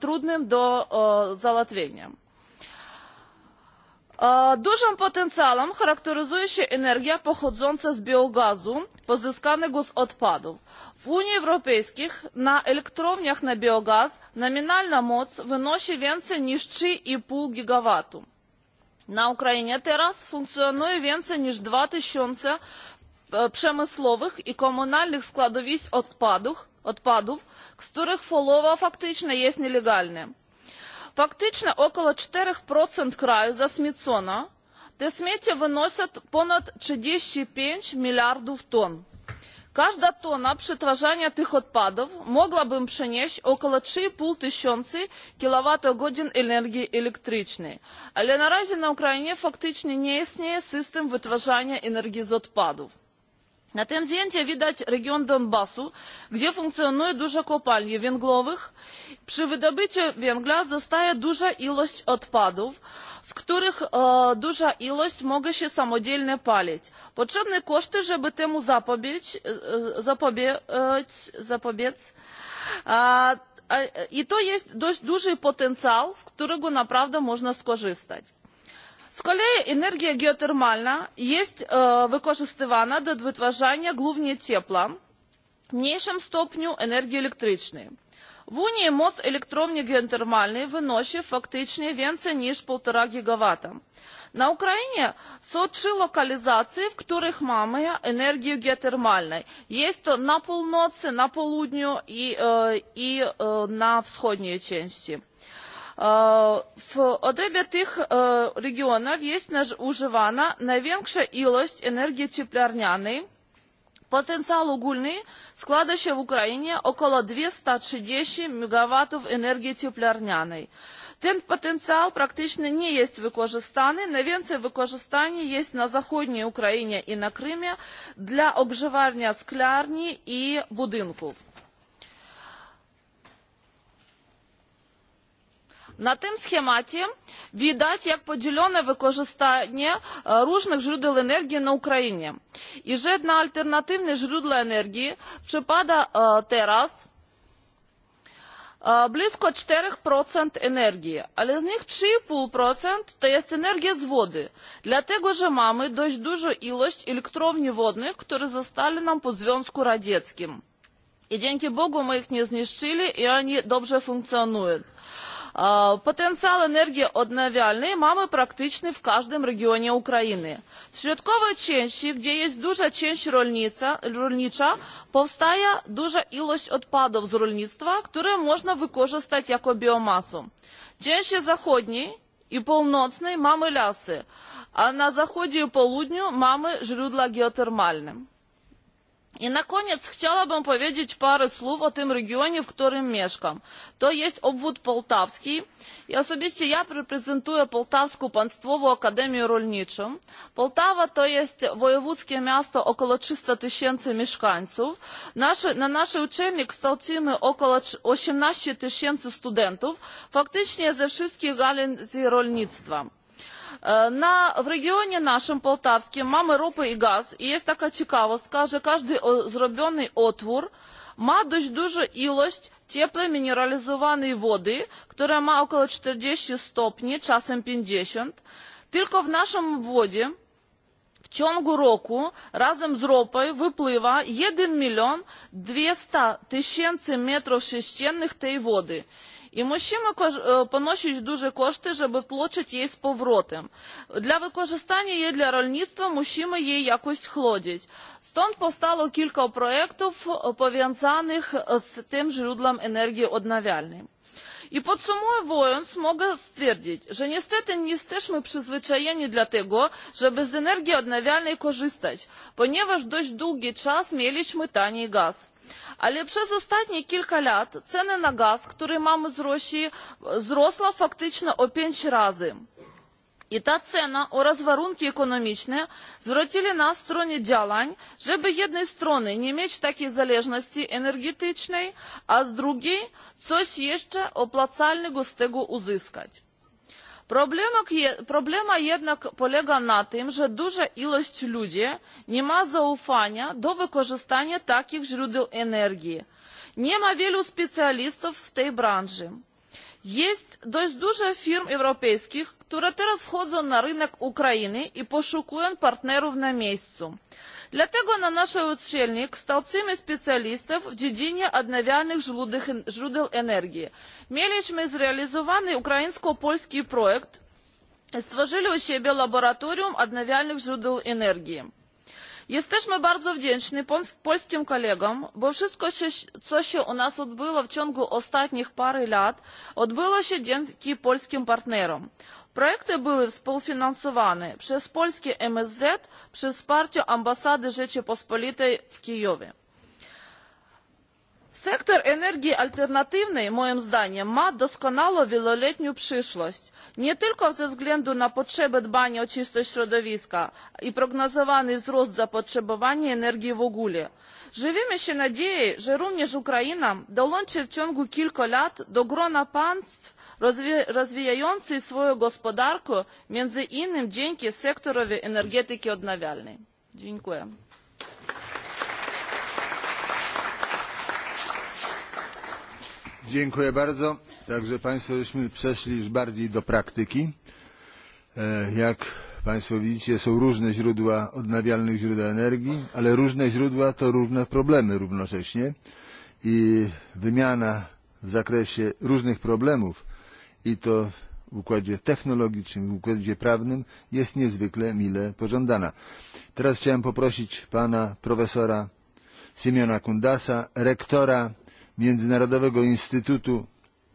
trudnym do e, załatwienia. E, dużym potencjałem charakteryzuje się energia pochodząca z biogazu pozyskanego z odpadów. W Unii Europejskiej na elektrowniach na biogaz nominalna moc wynosi więcej niż 3,5 gigawatu. Na Ukrainie teraz funkcjonuje więcej niż 2000 e, przemysłowych i komunalnych składowisk odpadów, odpadów z których folowa faktycznie jest nielegalna. Фактично около 4% краю засміцоно, Те смети виносять понад 35 мільярдів тонн. Każda tona przetwarzania tych odpadów mogłaby принести około 3,5 tysiąca kilowatogodzin energii elektrycznej, ale na razie na Ukrainie faktycznie nie istnieje system wytwarzania energii z odpadów. Na tym zdjęciu widać region Donbasu, gdzie funkcjonuje дуже kopalni węglowych Przy wydobyciu węgla zostaje duża ilość odpadów, z których e, duża ilość może się samodzielnie palić. Potrzebne koszty, żeby temu zapobiec, e, zapobiec, zapobiec. E, I to jest dość duży potencjał, z którego naprawdę można skorzystać. Z kolei energia geotermalna jest e, wykorzystywana do wytwarzania głównie ciepła, w mniejszym stopniu energii elektrycznej. W Unii moc elektrowni geotermalnej wynosi faktycznie więcej niż 1,5 gigawata. Na Ukrainie są trzy lokalizacje, w których mamy energię geotermalną. Jest to na północy, na południu i, i na wschodniej części. W odrębie tych regionów jest używana największa ilość energii cieplarnianej, Потенциал угольный склада się w Ukrainie około 230 мегаваттов energii cieplarnianej. Ten potencjał praktycznie nie jest wykorzystany. Najwięcej Икожестане jest na zachodniej Ukrainie i na Krymie dla обживания склярни i budynków. На тим схематі видать, як поділене використання różnych źródeł energii na Ukrainie. I że одна alternatywne źródła energii przypada teraz blisko 4% energii, ale z nich 3,5% to jest energia z wody. Dlatego, że mamy dość dużą ilość elektrowni wodnych, które застали nam po Związku Radzieckim. I dzięki Bogu my ich nie zniszczyli i oni dobrze funkcjonują. Потенциал энергии обновляемой мамы практичний в каждом регионе Украины. В Святковій Ченщи, где есть дуже ченщ рульница, рульнича, повстая дуже илость отпадов с рульництва, которые можно використати как биомассу. Ченщи заходней и полноцной мамы лясы, а на заходе и полудню мамы жрюдла геотермальным. I na koniec chciałabym powiedzieć parę słów o tym regionie, w którym mieszkam. To jest obwód poltawski i osobiście ja reprezentuję Poltawską Państwową Akademię Rolniczą. Poltawa to jest wojewódzkie miasto około 300 tysięcy mieszkańców. Nasze, na naszej uczelni kształcimy około 18 tysięcy studentów, faktycznie ze wszystkich galin rolnictwa W regionie naszym нашому mamy ropę i gaz i jest taka ciekawostka, że każdy zrobiony otwór ma dość dużą ilość cieplej mineralizowanej wody, która ma około 40 stopni, czasem 50. Tylko w naszym obwodzie w ciągu roku razem z ropą wypływa 1 milion 200 tysięcy metrów sześciennych tej wody. І мужчина поношують дуже кошти, щоб втлочити її з повротом. Для використання її для рольництва мужчина її якось хлодять. Стон постало кілька проєктів, пов'язаних з тим жрудлом енергії odnawialnej. I podsumowując, mogę stwierdzić, że niestety nie jesteśmy przyzwyczajeni do tego, żeby z energii odnawialnej korzystać, ponieważ dość długi czas mieliśmy tani gaz. Ale przez ostatnie kilka lat ceny na gaz, który mamy z Rosji, wzrosła faktycznie o pięć razy I ta cena oraz warunki ekonomiczne zwrócili nas w stronę działań, żeby jednej strony nie mieć takiej zależności energetycznej, a z drugiej coś jeszcze opłacalnego z tego uzyskać. problema jednak polega na tym, że duża ilość ludzi nie ma zaufania do wykorzystania takich źródeł energii. Nie ma wielu specjalistów w tej branży. Jest dość dużo firm europejskich, które teraz wchodzą na rynek Ukrainy i poszukują partnerów na miejscu. Dlatego na naszej uczelni kształcimy specjalistów w dziedzinie odnawialnych źródeł energii. Mieliśmy zrealizowany ukraińsko-polski projekt i stworzyli u siebie laboratorium odnawialnych źródeł energii. Jesteśmy bardzo wdzięczni polskim kolegom, bo wszystko, się, co się u nas odbyło w ciągu ostatnich pary lat, odbyło się dzięki polskim partnerom. Projekty były współfinansowane przez polskie MSZ, через партію Ambasady Rzeczypospolitej w Kijowie. Sektor energii alternatywnej moim zdaniem ma doskonałą wieloletnią przyszłość. Nie tylko ze względu na potrzeby dbania o czystość środowiska i prognozowany wzrost zapotrzebowania energii w ogóle. Żywimy się nadziei, że również Ukraina dołączy w ciągu kilku lat do grona państw Rozwijający swoją gospodarkę między innymi dzięki sektorowi energetyki odnawialnej. Dziękuję. Dziękuję bardzo. Także Państwo byśmy przeszli już bardziej do praktyki. E, jak Państwo widzicie, są różne źródła odnawialnych źródeł energii, ale różne źródła to różne problemy równocześnie i wymiana w zakresie różnych problemów i to w układzie technologicznym, w układzie prawnym jest niezwykle mile pożądana. Teraz chciałem poprosić pana profesora Simiona Kundasa, rektora Międzynarodowego Instytutu,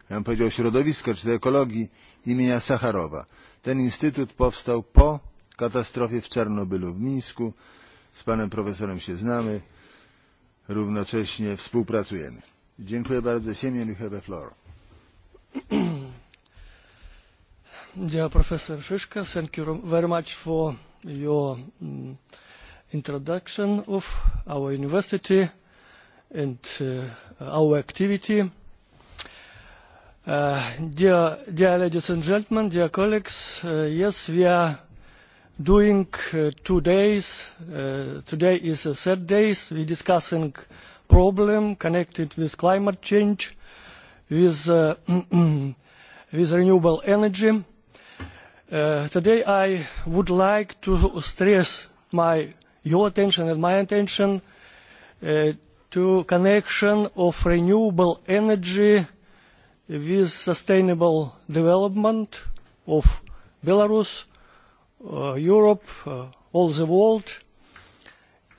ja bym powiedział środowiska czy ekologii imienia Sacharowa. Ten instytut powstał po katastrofie w Czarnobylu w Mińsku. Z panem profesorem się znamy, równocześnie współpracujemy. Dziękuję bardzo. Siemien, you have the floor. dear Professor Shishka. Thank you very much for your um, introduction of our university and uh, our activity. Uh, dear, dear ladies and gentlemen, dear colleagues, uh, yes, we are doing uh, two days. Uh, today is the third day. We're discussing problem connected with climate change, with, uh, with renewable energy. Uh, today I would like to stress my, your attention and my attention uh, to connection of renewable energy with sustainable development of Belarus, uh, Europe, uh, all the world.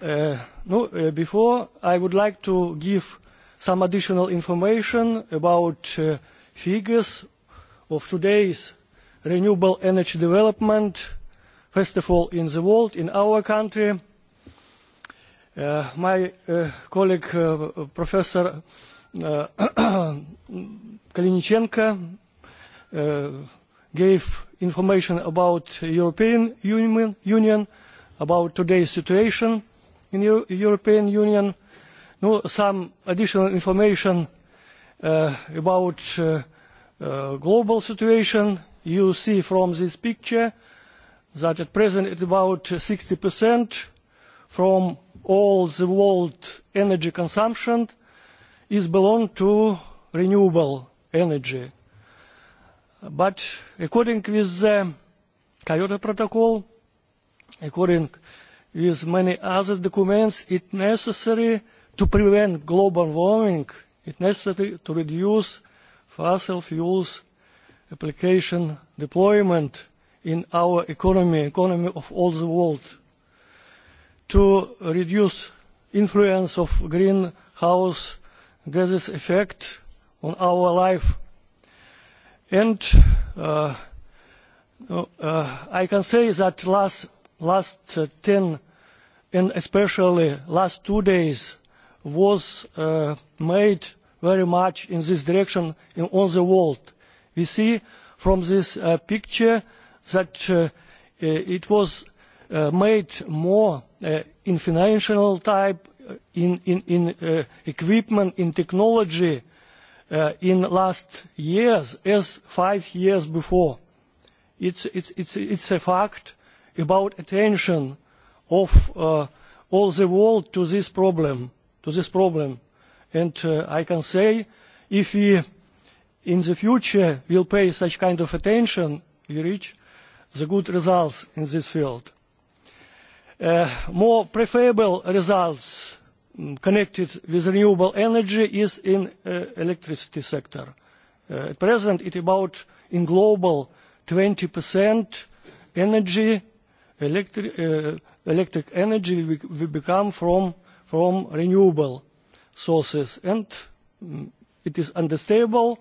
Uh, no, uh, before, I would like to give some additional information about uh, figures of today's renewable energy development, first of all in the world, in our country. Uh, my uh, colleague, uh, Professor uh, Kalinichenko, uh, gave information about European Union, Union about today's situation in the European Union. No, some additional information uh, about uh, uh, global situation you see from this picture that at present it's about 60% from all the world energy consumption is belong to renewable energy. But according with the Kyoto Protocol, according with many other documents, it's necessary to prevent global warming, it's necessary to reduce fossil fuels application, deployment in our economy, economy of all the world, to reduce influence of greenhouse gases effect on our life. And uh, uh, I can say that last, last uh, 10 and especially last two days was uh, made very much in this direction in all the world We see from this uh, picture that uh, uh, it was uh, made more uh, in financial type, uh, in, in, in uh, equipment, in technology uh, in last years as five years before. It's, it's, it's, it's a fact about attention of uh, all the world to this problem, to this problem. And uh, I can say if we in the future will pay such kind of attention, we reach the good results in this field. Uh, more preferable results mm, connected with renewable energy is in uh, electricity sector. Uh, at present, it about in global 20% energy, electric, uh, electric energy will we become from, from renewable sources, and um, it is understandable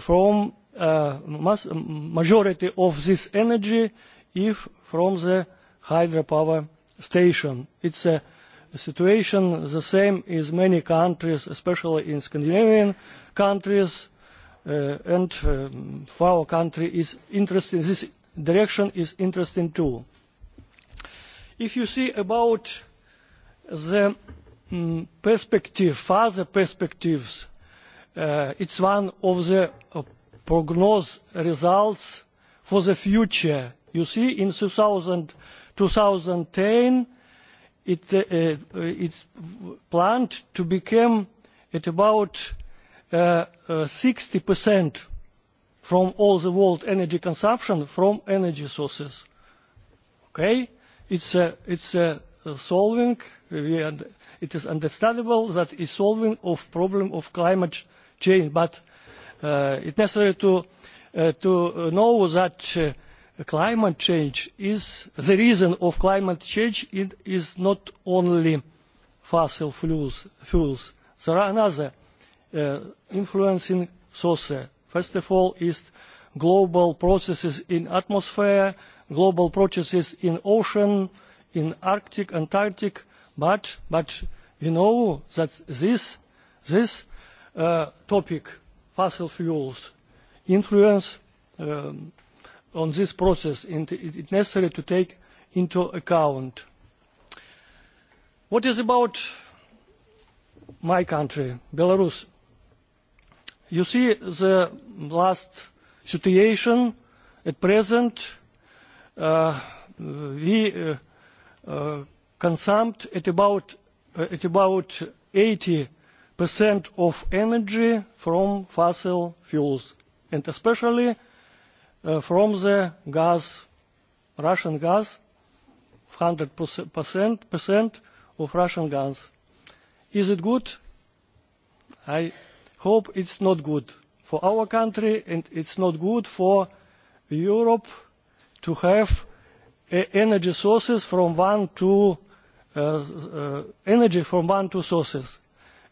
from uh, mass majority of this energy if from the hydropower station. It's a situation the same as many countries, especially in Scandinavian countries, uh, and um, for our country is interesting. This direction is interesting too. If you see about the um, perspective, further perspectives Uh, it's one of the uh, prognose results for the future. You see, in 2000, 2010, it, uh, uh, it's planned to become at about uh, uh, 60% from all the world energy consumption from energy sources. Okay? It's, uh, it's uh, solving, we, it is understandable that it's solving of problem of climate change change, but uh, it's necessary to, uh, to know that uh, climate change is, the reason of climate change it is not only fossil fuels, fuels. There are another uh, influencing sources. First of all is global processes in atmosphere, global processes in ocean, in Arctic, Antarctic, but, but we know that this, this Uh, topic, fossil fuels, influence um, on this process and it's necessary to take into account. What is about my country, Belarus? You see the last situation at present uh, we uh, uh, consumed at about, uh, at about 80 percent of energy from fossil fuels, and especially uh, from the gas, Russian gas, 100% percent, percent of Russian gas. Is it good? I hope it's not good for our country, and it's not good for Europe to have uh, energy sources from one to uh, uh, energy from one to sources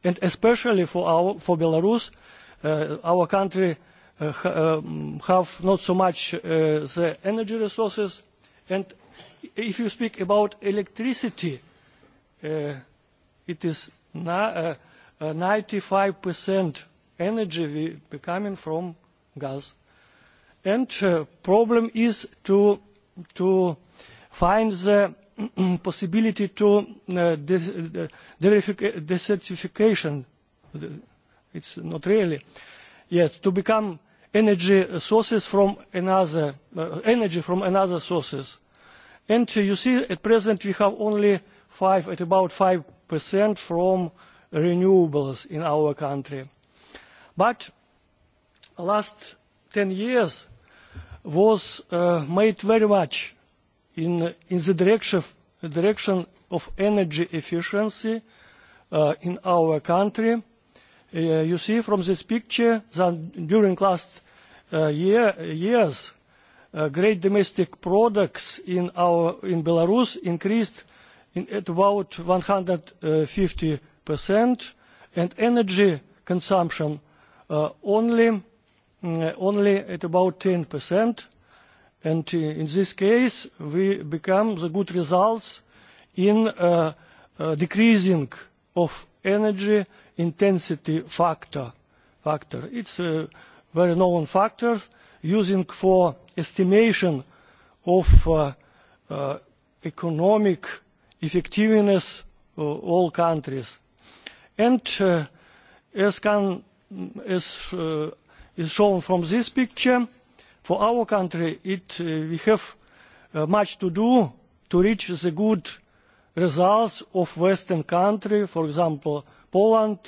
and especially for, our, for Belarus, uh, our country uh, um, have not so much uh, the energy resources. And if you speak about electricity, uh, it is na uh, 95% uh, energy we coming from gas. And uh, problem is to, to find the Mm, possibility to uh, uh desertification, it's not really, yet to become energy sources from another, uh, energy from another sources. And uh, you see at present we have only five, at about 5% from renewables in our country. But last 10 years was uh, made very much in, in the direction, direction of energy efficiency uh, in our country. Uh, you see from this picture that during last uh, year, years, uh, great domestic products in, our, in Belarus increased in, at about 150% and energy consumption uh, only, uh, only at about 10%. And uh, in this case, we become the good results in uh, uh, decreasing of energy intensity factor. factor. It's a very known factor using for estimation of uh, uh, economic effectiveness of all countries. And uh, as, can, as uh, is shown from this picture, For our country, it, uh, we have uh, much to do to reach the good results of Western country, for example, Poland,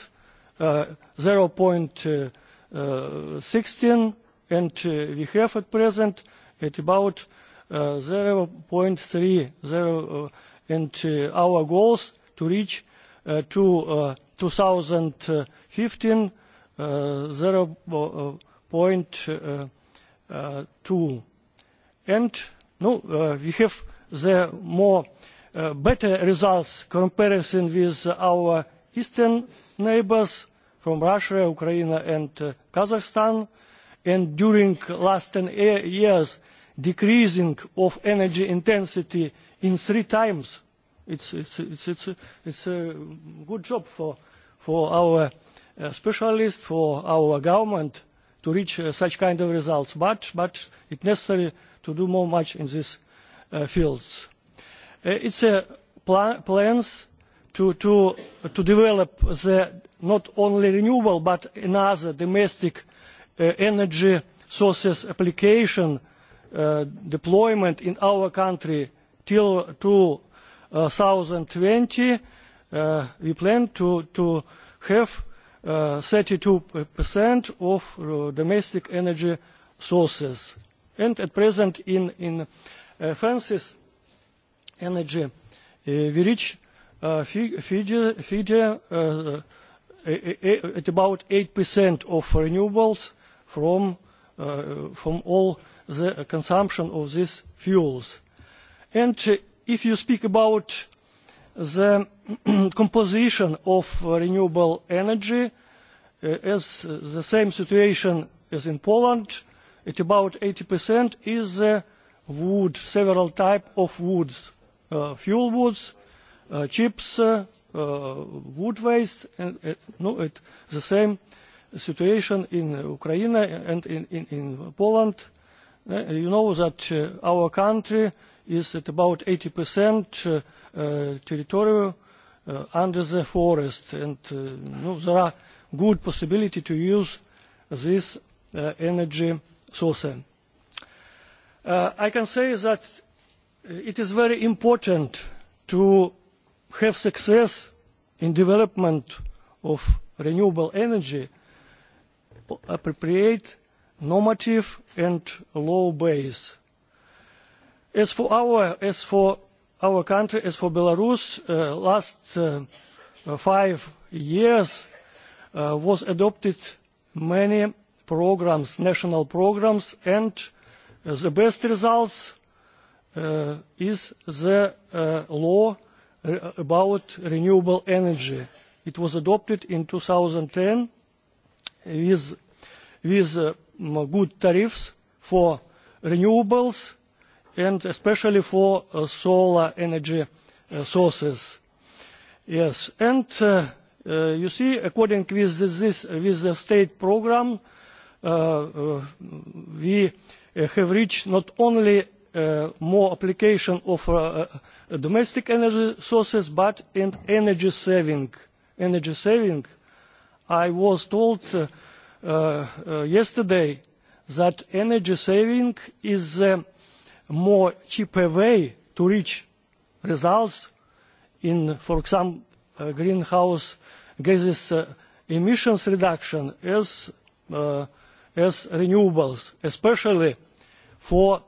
uh, 0.16, uh, uh and uh, we have at present at about uh, 0.3, 0, uh, and uh, our goals to reach uh, to uh, 2015 uh, 0.3 uh, tool. And no, uh, we have the more uh, better results comparison with our eastern neighbors from Russia, Ukraine and uh, Kazakhstan. And during last 10 uh, years, decreasing of energy intensity in three times. It's, it's, it's, it's, it's a good job for, for our uh, specialists, for our government to reach uh, such kind of results, but, but it's necessary to do more much in these uh, fields. Uh, it's a pla plans to, to, to develop the not only renewable but another domestic uh, energy sources application uh, deployment in our country till 2020. Uh, uh, we plan to, to have uh, 32% of uh, domestic energy sources. And at present in, in uh, France's energy, uh, we reach uh, Fiji, Fiji uh, uh, uh, uh, at about 8% of renewables from, uh, from all the consumption of these fuels. And uh, if you speak about the composition of renewable energy uh, is uh, the same situation as in Poland. At about 80% is uh, wood, several types of woods, uh, fuel woods, uh, chips, uh, uh, wood waste, and uh, no, it, the same situation in Ukraine and in, in, in Poland. Uh, you know that uh, our country is at about 80% uh, uh, e, territory uh, e, under the forest. And uh, e, no, there are good possibility to use this uh, energy source. Uh, I can say that it is very important to have success in development of renewable energy appropriate normative and law base. As for our, as for our country as for Belarus uh, last uh, uh, five years uh, was adopted many programs, national programs, and uh, the best results uh, is the uh, law re uh, about renewable energy. It was adopted in 2010 with, with uh, good tariffs for renewables, and especially for uh, solar energy uh, sources. Yes, and uh, uh, you see, according with this, with the state program, uh, uh, we uh, have reached not only uh, more application of uh, uh, domestic energy sources, but in energy saving. Energy saving. I was told uh, uh, uh yesterday that energy saving is the uh, more cheaper way to reach results in, for example, uh, greenhouse gases uh, emissions reduction as, uh, as renewables, especially for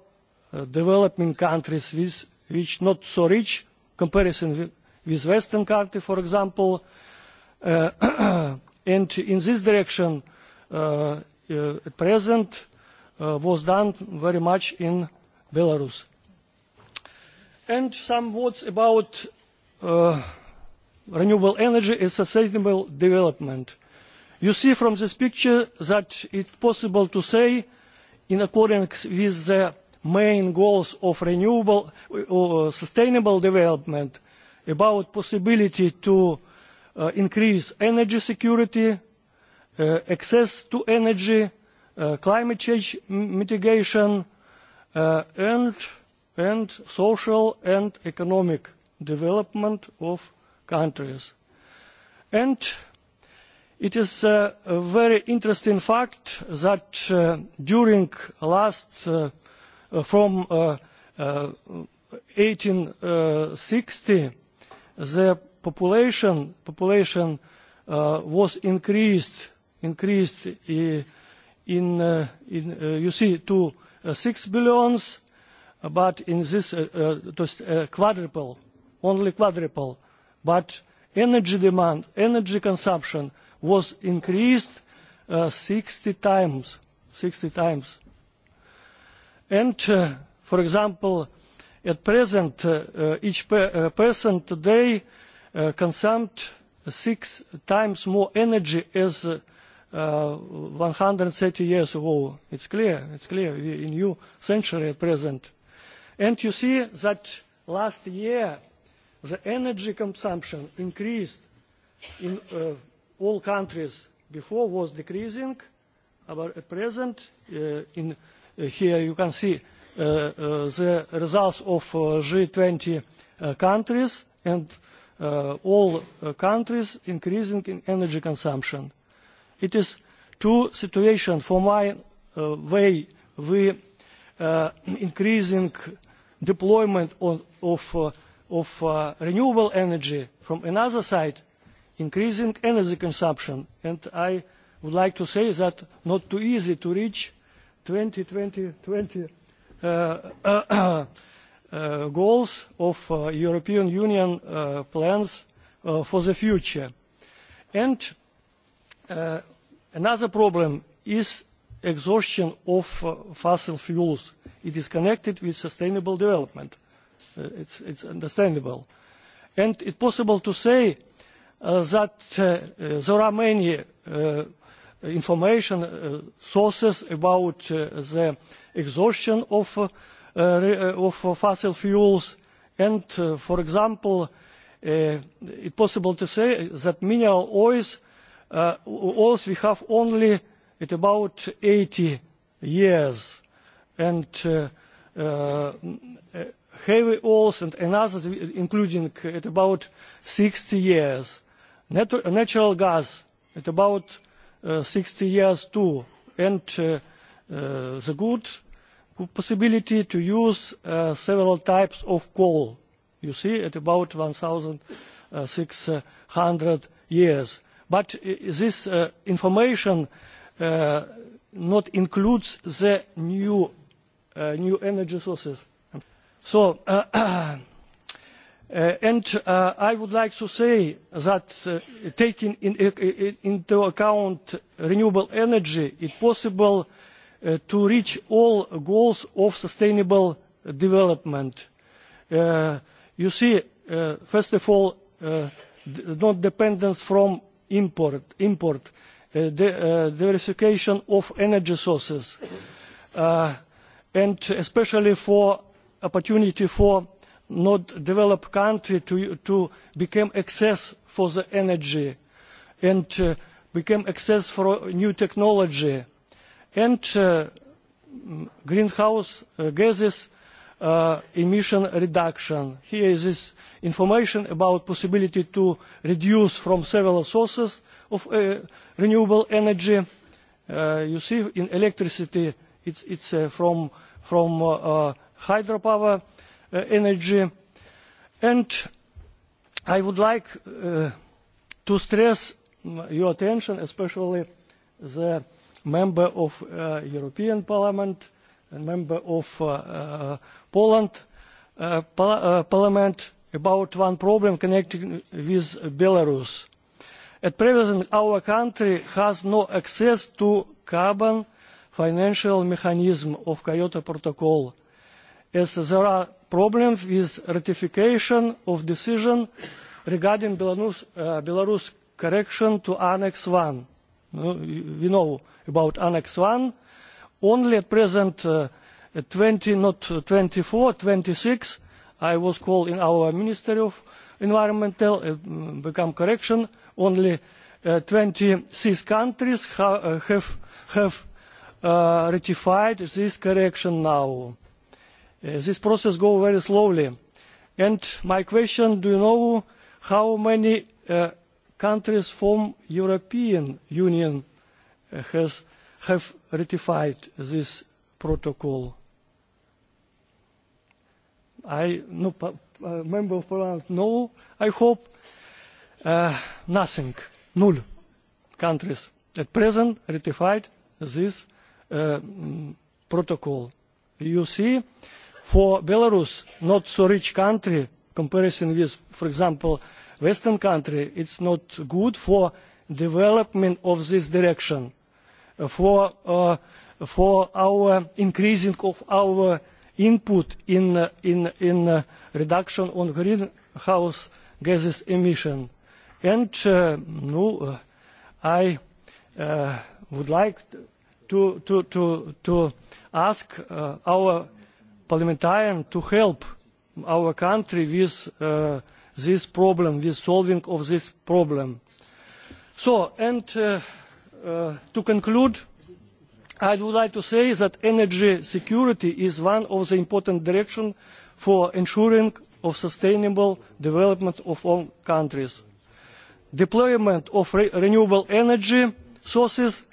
uh, developing countries with, which not so rich comparison with, with Western countries, for example. Uh, and in this direction, uh, uh, at present, uh, was done very much in Belarus. And some words about uh, renewable energy and sustainable development. You see from this picture that it's possible to say, in accordance with the main goals of renewable or uh, sustainable development, about possibility to uh, increase energy security, uh, access to energy, uh, climate change mitigation, uh, and, and social and economic development of countries. And it is uh, a very interesting fact that uh, during last, uh, uh from uh, uh, 1860, the population, population uh, was increased, increased uh, in, uh, in uh, you see, to 6 uh, billions, uh, but in this uh, uh, uh, quadruple, only quadruple. But energy demand, energy consumption was increased uh, 60 times, 60 times. And, uh, for example, at present, uh, each per, uh, person today uh, consumed six times more energy as uh, uh, 130 years ago. It's clear, it's clear, a new century at present. And you see that last year the energy consumption increased in uh, all countries before was decreasing, but at present uh, in, uh, here you can see uh, uh, the results of uh, G20 uh, countries and uh, all uh, countries increasing in energy consumption. It is two situations for my uh, way we uh, increasing deployment of, of, uh, of uh, renewable energy from another side, increasing energy consumption. And I would like to say that not too easy to reach 2020 20, 20 uh, uh, uh, goals of uh, European Union uh, plans uh, for the future. And Uh, another problem is exhaustion of uh, fossil fuels. It is connected with sustainable development. Uh, it's, it's understandable. And it's possible to say uh, that uh, uh, there are many uh, information uh, sources about uh, the exhaustion of, uh, uh of fossil fuels. And, uh, for example, uh, it's possible to say that mineral oils – uh, also we have only at about 80 years and uh, uh, heavy oils and another including at about 60 years. Nat natural gas at about uh, 60 years too and uh, uh, the good possibility to use uh, several types of coal, you see, at about 1,600 uh, years. But this uh, information uh, not includes the new, uh, new energy sources. So, uh, Uh, and uh, I would like to say that uh, taking in, in, into account renewable energy, it is possible uh, to reach all goals of sustainable development. Uh, you see, uh, first of all, non-dependence from import, import uh, the, uh, diversification of energy sources, uh, and especially for opportunity for not developed country to, to become access for the energy and uh, become access for new technology and uh, greenhouse uh, gases uh, emission reduction. Here is this information about possibility to reduce from several sources of uh, renewable energy. Uh, you see in electricity it's, it's uh, from, from uh, uh, hydropower uh, energy. And I would like uh, to stress your attention, especially the member of uh, European Parliament and member of uh, uh, Poland uh, par uh, Parliament about one problem connected with Belarus. At present, our country has no access to carbon financial mechanism of Kyoto Protocol, as there are problems with ratification of decision regarding Belarus, uh, Belarus correction to Annex 1. we know about Annex 1. Only at present, uh, 20, not 24, 26 I was called in our Ministry of Environmental, uh, become correction, only uh, 26 countries ha uh, have, have uh, ratified this correction now. Uh, this process goes very slowly. And my question, do you know how many uh, countries from European Union uh, has, have ratified this protocol? I no uh, member of parliament no I hope uh, nothing null countries at present ratified this uh, mm, protocol you see for Belarus not so rich country comparison with for example western country it's not good for development of this direction for uh, for our increasing of our input in, uh, in, in uh, reduction on greenhouse gases emission. And uh, no, uh, I uh, would like to, to, to, to ask uh, our parliamentarian to help our country with uh, this problem, with solving of this problem. So, and uh, uh, to conclude, I would like to say that energy security is one of the important directions for ensuring of sustainable development of all countries. Deployment of re renewable energy sources,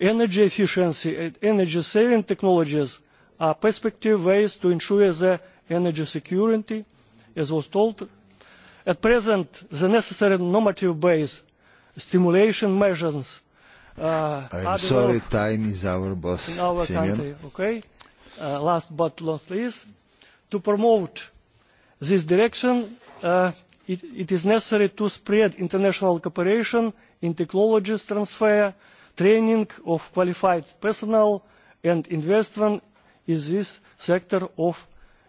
energy efficiency and energy saving technologies are prospective ways to ensure the energy security, as was told. At present, the necessary normative base stimulation measures Uh, I'm sorry, of, time is our boss. In our Simeon. country, okay? Uh, last but not least, to promote this direction, uh, it, it is necessary to spread international cooperation in technologies transfer, training of qualified personnel, and investment in this sector of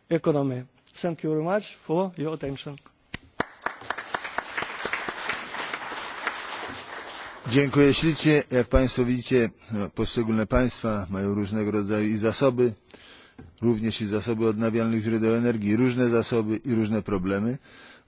economy. Thank you very much for your attention. Dziękuję ślicznie. Jak Państwo widzicie, poszczególne państwa mają różnego rodzaju i zasoby, również i zasoby odnawialnych źródeł energii, różne zasoby i różne problemy.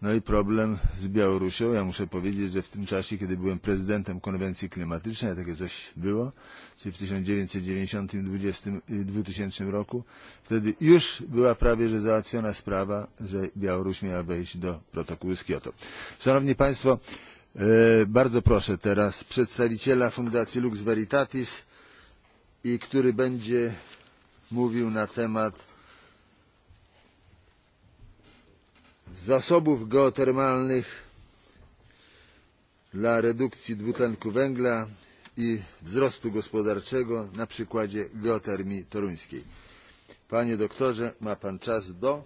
No i problem z Białorusią. Ja muszę powiedzieć, że w tym czasie, kiedy byłem prezydentem konwencji klimatycznej, a takie coś było, czyli w 1990-2000 roku, wtedy już była prawie że załatwiona sprawa, że Białoruś miała wejść do protokołu z Kioto. Szanowni Państwo, E, bardzo proszę teraz przedstawiciela Fundacji Lux Veritatis, i który będzie mówił na temat zasobów geotermalnych dla redukcji dwutlenku węgla i wzrostu gospodarczego na przykładzie geotermii toruńskiej. Panie doktorze, ma pan czas do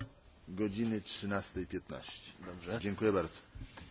godziny 13.15. Dobrze. Dziękuję bardzo.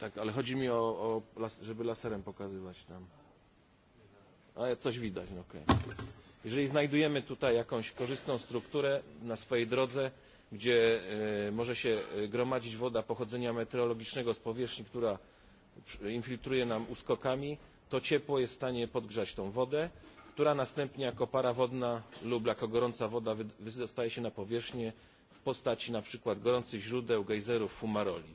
Tak, ale chodzi mi o, o żeby laserem pokazywać tam. A coś widać, no okej. Okay. Jeżeli znajdujemy tutaj jakąś korzystną strukturę na swojej drodze, gdzie y, e, może się e, gromadzić woda pochodzenia meteorologicznego z powierzchni, która infiltruje nam uskokami, to ciepło jest w stanie podgrzać tą wodę, która następnie jako para wodna lub jako gorąca woda wydostaje się na powierzchnię w postaci na przykład gorących źródeł, gejzerów, fumaroli.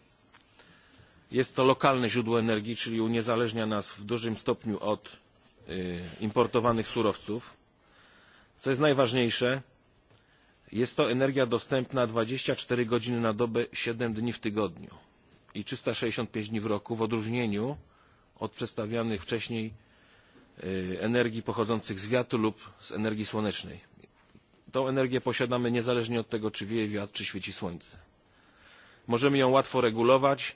Jest to lokalne źródło energii, czyli uniezależnia nas w dużym stopniu od importowanych surowców. Co jest najważniejsze, jest to energia dostępna 24 godziny na dobę, 7 dni w tygodniu i 365 dni w roku w odróżnieniu od przedstawianych wcześniej energii pochodzących z wiatru lub z energii słonecznej. Tą energię posiadamy niezależnie od tego, czy wieje wiatr, czy świeci słońce. Możemy ją łatwo regulować,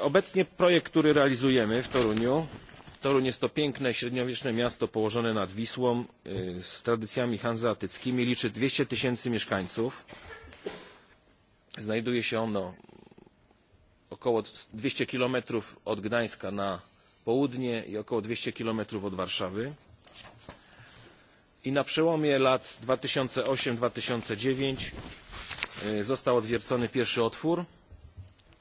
Obecnie projekt, który realizujemy w Toruniu, Toruń jest to piękne, średniowieczne miasto położone nad Wisłą z tradycjami hanzeatyckimi, liczy 200 tysięcy mieszkańców. Znajduje się ono około 200 kilometrów od Gdańska na południe i około 200 kilometrów od Warszawy. I na przełomie lat 2008-2009 został odwiercony pierwszy otwór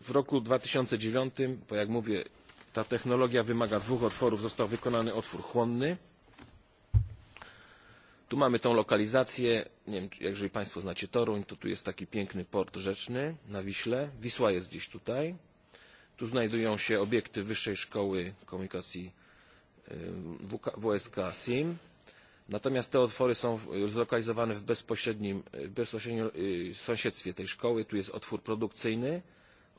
W roku 2009, bo jak mówię, ta technologia wymaga dwóch otworów, został wykonany otwór chłonny. Tu mamy tą lokalizację, nie wiem, jeżeli Państwo znacie Toruń, to tu jest taki piękny port rzeczny na Wiśle. Wisła jest gdzieś tutaj. Tu znajdują się obiekty Wyższej Szkoły Komunikacji WSK SIM. Natomiast te otwory są zlokalizowane w bezpośrednim, w bezpośrednim sąsiedztwie tej szkoły. Tu jest otwór produkcyjny,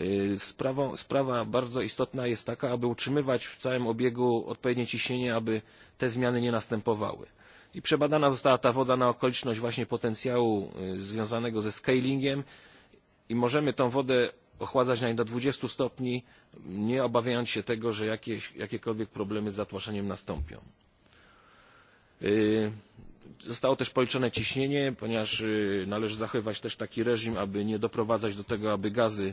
E, sprawa bardzo istotna jest taka, aby utrzymywać w całym obiegu odpowiednie ciśnienie, aby te zmiany nie następowały. I przebadana została ta woda na okoliczność właśnie potencjału e, związanego ze scalingiem i możemy tą wodę ochładzać nawet do 20 stopni, nie obawiając się tego, że jakieś, jakiekolwiek problemy z zatłaszczeniem nastąpią. Yy, e, zostało też policzone ciśnienie, ponieważ yy, należy zachowywać też taki reżim, aby nie doprowadzać do tego, aby gazy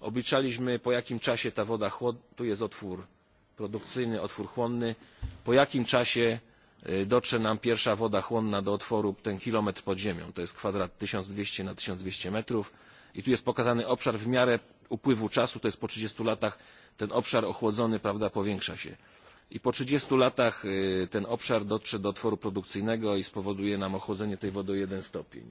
Obliczaliśmy po jakim czasie ta woda chłodnie, tu jest otwór produkcyjny, otwór chłonny, po jakim czasie dotrze nam pierwsza woda chłonna do otworu ten kilometr pod ziemią. To jest kwadrat 1200 na 1200 metrów i tu jest pokazany obszar w miarę upływu czasu, to jest po 30 latach ten obszar ochłodzony prawda, powiększa się. I po 30 latach ten obszar dotrze do otworu produkcyjnego i spowoduje nam ochłodzenie tej wody o jeden stopień.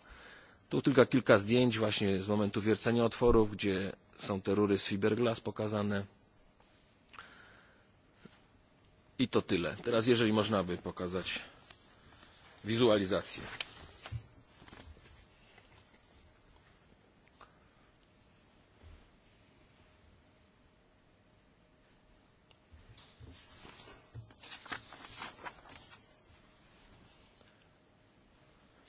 Tu tylko kilka zdjęć właśnie z momentu wiercenia otworów, gdzie są te rury z fiberglass pokazane. I to tyle. Teraz jeżeli można by pokazać wizualizację.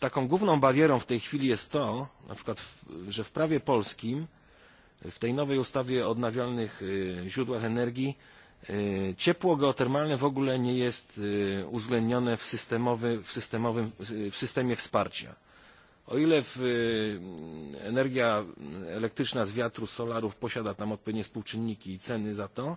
taką główną barierą w tej chwili jest to, na przykład, że w prawie polskim, w tej nowej ustawie o odnawialnych źródłach energii, ciepło geotermalne w ogóle nie jest uwzględnione w, systemowy, w, systemowym, w systemie wsparcia. O ile w, energia elektryczna z wiatru, solarów posiada tam odpowiednie współczynniki i ceny za to,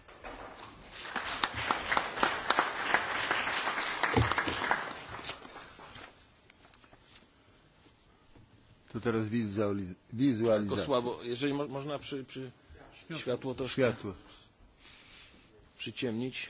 to teraz wizualizacja. Tylko słabo, jeżeli mo można przy, przy światło. światło troszkę światło. przyciemnić.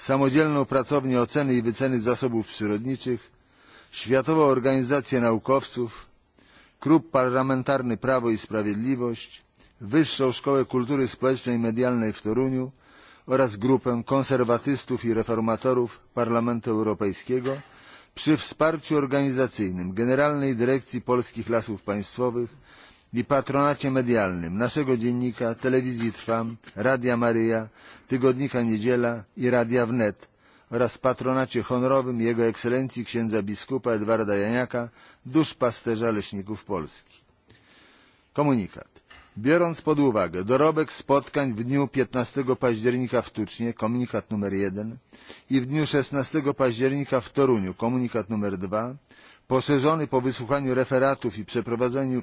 samodzielną pracownię oceny i wyceny zasobów przyrodniczych, Światową Organizację Naukowców, Klub Parlamentarny Prawo i Sprawiedliwość, Wyższą Szkołę Kultury Społecznej i Medialnej w Toruniu oraz grupę konserwatystów i reformatorów Parlamentu Europejskiego przy wsparciu organizacyjnym Generalnej Dyrekcji Polskich Lasów Państwowych i patronacie medialnym naszego dziennika, telewizji Trwam, Radia Maryja, tygodnika Niedziela i Radia Wnet oraz patronacie honorowym Jego Ekscelencji księdza biskupa Edwarda Janiaka, duszpasterza leśników Polski. Komunikat. Biorąc pod uwagę dorobek spotkań w dniu 15 października w Tucznie, komunikat numer 1, i w dniu 16 października w Toruniu, komunikat numer 2, poszerzony po wysłuchaniu referatów i przeprowadzeniu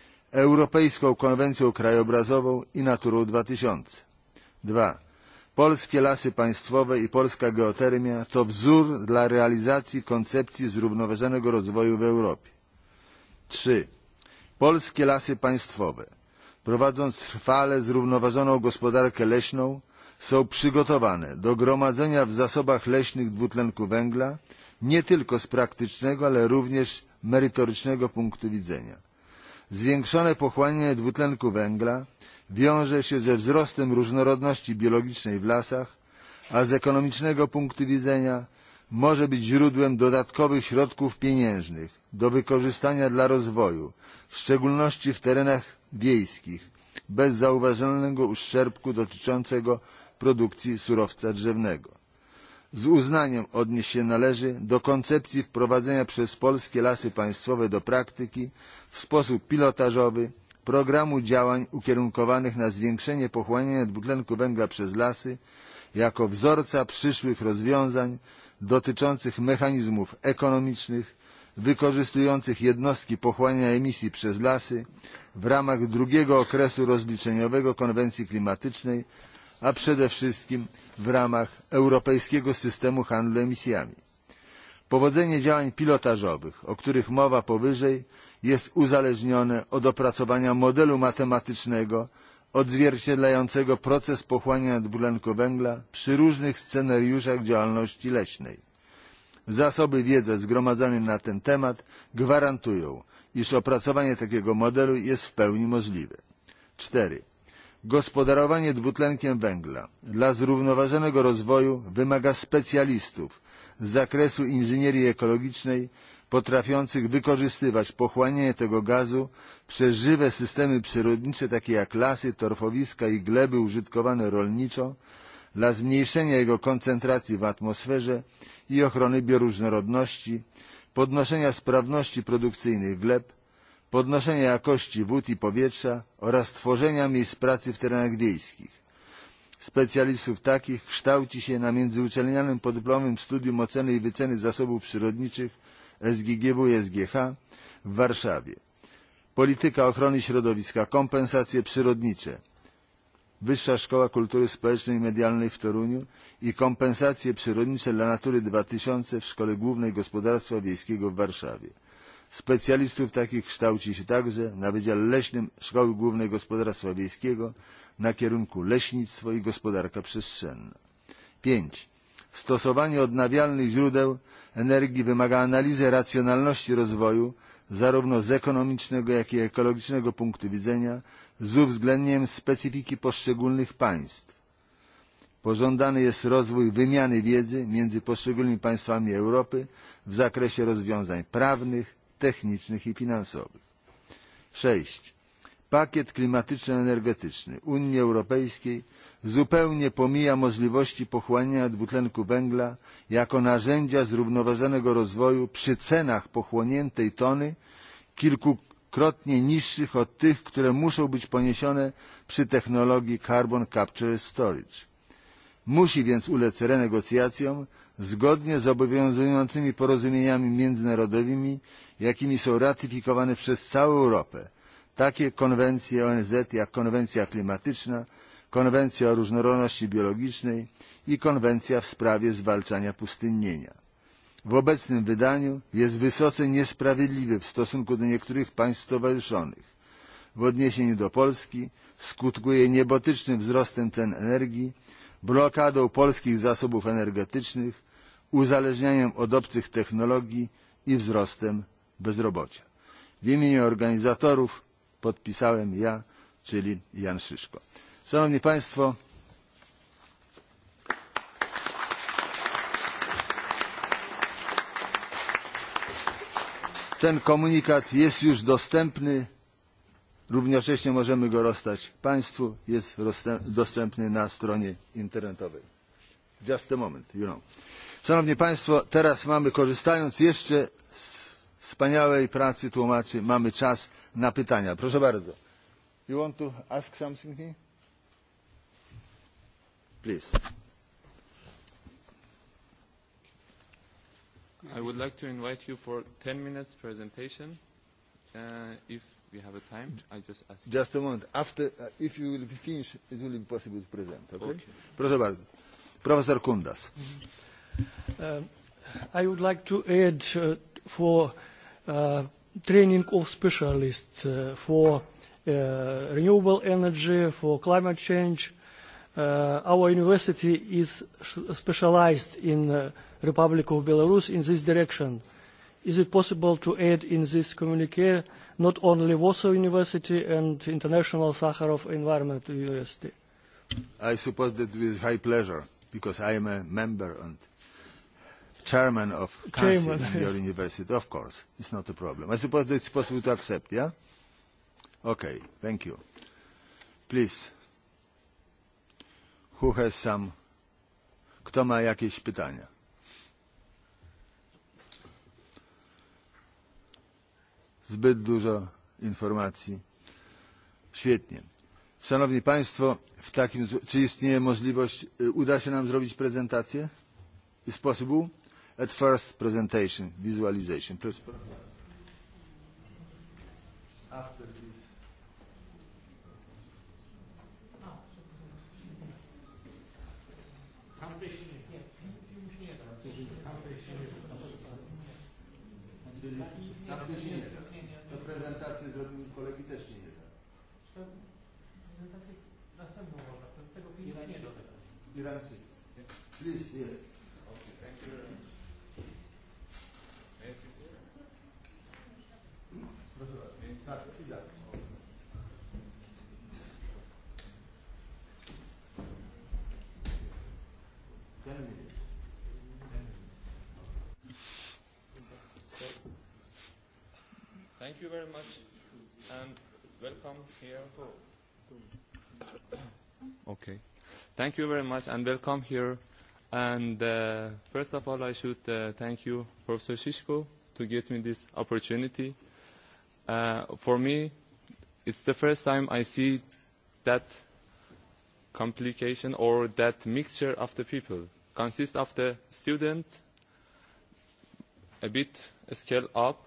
Europejską Konwencją Krajobrazową i Naturą 2000. 2. Polskie lasy państwowe i polska geotermia to wzór dla realizacji koncepcji zrównoważonego rozwoju w Europie. 3. Polskie lasy państwowe, prowadząc trwale zrównoważoną gospodarkę leśną, są przygotowane do gromadzenia w zasobach leśnych dwutlenku węgla, nie tylko z praktycznego, ale również merytorycznego punktu widzenia. Zwiększone pochłanianie dwutlenku węgla wiąże się ze wzrostem różnorodności biologicznej w lasach, a z ekonomicznego punktu widzenia może być źródłem dodatkowych środków pieniężnych do wykorzystania dla rozwoju, w szczególności w terenach wiejskich, bez zauważalnego uszczerbku dotyczącego produkcji surowca drzewnego. Z uznaniem odnieść się należy do koncepcji wprowadzenia przez polskie lasy państwowe do praktyki w sposób pilotażowy programu działań ukierunkowanych na zwiększenie pochłaniania dwutlenku węgla przez lasy jako wzorca przyszłych rozwiązań dotyczących mechanizmów ekonomicznych wykorzystujących jednostki pochłaniania emisji przez lasy w ramach drugiego okresu rozliczeniowego konwencji klimatycznej, a przede wszystkim w ramach europejskiego systemu handlu emisjami. Powodzenie działań pilotażowych, o których mowa powyżej, jest uzależnione od opracowania modelu matematycznego odzwierciedlającego proces pochłania dwutlenku węgla przy różnych scenariuszach działalności leśnej. Zasoby wiedzy zgromadzonej na ten temat gwarantują, iż opracowanie takiego modelu jest w pełni możliwe. 4. Gospodarowanie dwutlenkiem węgla dla zrównoważonego rozwoju wymaga specjalistów z zakresu inżynierii ekologicznej potrafiących wykorzystywać pochłanianie tego gazu przez żywe systemy przyrodnicze takie jak lasy, torfowiska i gleby użytkowane rolniczo dla zmniejszenia jego koncentracji w atmosferze i ochrony bioróżnorodności, podnoszenia sprawności produkcyjnych gleb, podnoszenia jakości wód i powietrza oraz tworzenia miejsc pracy w terenach wiejskich specjalistów takich kształci się na międzyuczelnianym podyplomowym studium oceny i wyceny zasobów przyrodniczych SGGW i SGH w Warszawie. Polityka ochrony środowiska, kompensacje przyrodnicze, Wyższa Szkoła Kultury Społecznej i Medialnej w Toruniu i kompensacje przyrodnicze dla Natury 2000 w Szkole Głównej Gospodarstwa Wiejskiego w Warszawie. Specjalistów takich kształci się także na Wydziale Leśnym Szkoły Głównej Gospodarstwa Wiejskiego na kierunku leśnictwo i gospodarka przestrzenna. 5. Stosowanie odnawialnych źródeł energii wymaga analizy racjonalności rozwoju zarówno z ekonomicznego, jak i ekologicznego punktu widzenia z uwzględnieniem specyfiki poszczególnych państw. Pożądany jest rozwój wymiany wiedzy między poszczególnymi państwami Europy w zakresie rozwiązań prawnych, technicznych i finansowych. 6. Pakiet klimatyczno-energetyczny Unii Europejskiej zupełnie pomija możliwości pochłaniania dwutlenku węgla jako narzędzia zrównoważonego rozwoju przy cenach pochłoniętej tony kilkukrotnie niższych od tych, które muszą być poniesione przy technologii Carbon Capture Storage. Musi więc ulec renegocjacjom zgodnie z obowiązującymi porozumieniami międzynarodowymi, jakimi są ratyfikowane przez całą Europę, takie konwencje ONZ jak konwencja klimatyczna, konwencja o różnorodności biologicznej i konwencja w sprawie zwalczania pustynnienia. W obecnym wydaniu jest wysoce niesprawiedliwy w stosunku do niektórych państw stowarzyszonych. W odniesieniu do Polski skutkuje niebotycznym wzrostem cen energii, blokadą polskich zasobów energetycznych, uzależnianiem od obcych technologii i wzrostem bezrobocia. W imieniu organizatorów podpisałem ja, czyli Jan Szyszko. Szanowni Państwo, ten komunikat jest już dostępny, równocześnie możemy go rozstać Państwu, jest dostępny na stronie internetowej. Just a moment, you know. Szanowni Państwo, teraz mamy, korzystając jeszcze z wspaniałej pracy tłumaczy, mamy czas na pytania. Proszę bardzo. You want to ask something here? Please. I would like to invite you for 10 minutes presentation. Uh, if we have a time, I just ask you. Just a moment. After, uh, if you will finish, it will be impossible to present. Okay? okay. Professor bardzo. Professor Kundas. uh, I would like to add uh, for uh, training of specialists uh, for uh, renewable energy, for climate change, Uh, our university is specialized in the uh, Republic of Belarus in this direction. Is it possible to add in this communique not only Warsaw University and International Sakharov Environment University? I suppose that with high pleasure, because I am a member and chairman of council in your university, of course. It's not a problem. I suppose that it's possible to accept, yeah? Okay, thank you. Please who has some, kto ma jakieś pytania. Zbyt dużo informacji. Świetnie. Szanowni Państwo, w takim, czy istnieje możliwość, uda się nam zrobić prezentację? Is possible? At first presentation, visualization. Please. Naprawdę się kolegi też się nie da. Prezentację następną można, very much and welcome here Okay. Thank you very much and welcome here. And uh, first of all, I should uh, thank you, Professor Shishko, to give me this opportunity. Uh, for me, it's the first time I see that complication or that mixture of the people consists of the student a bit scale up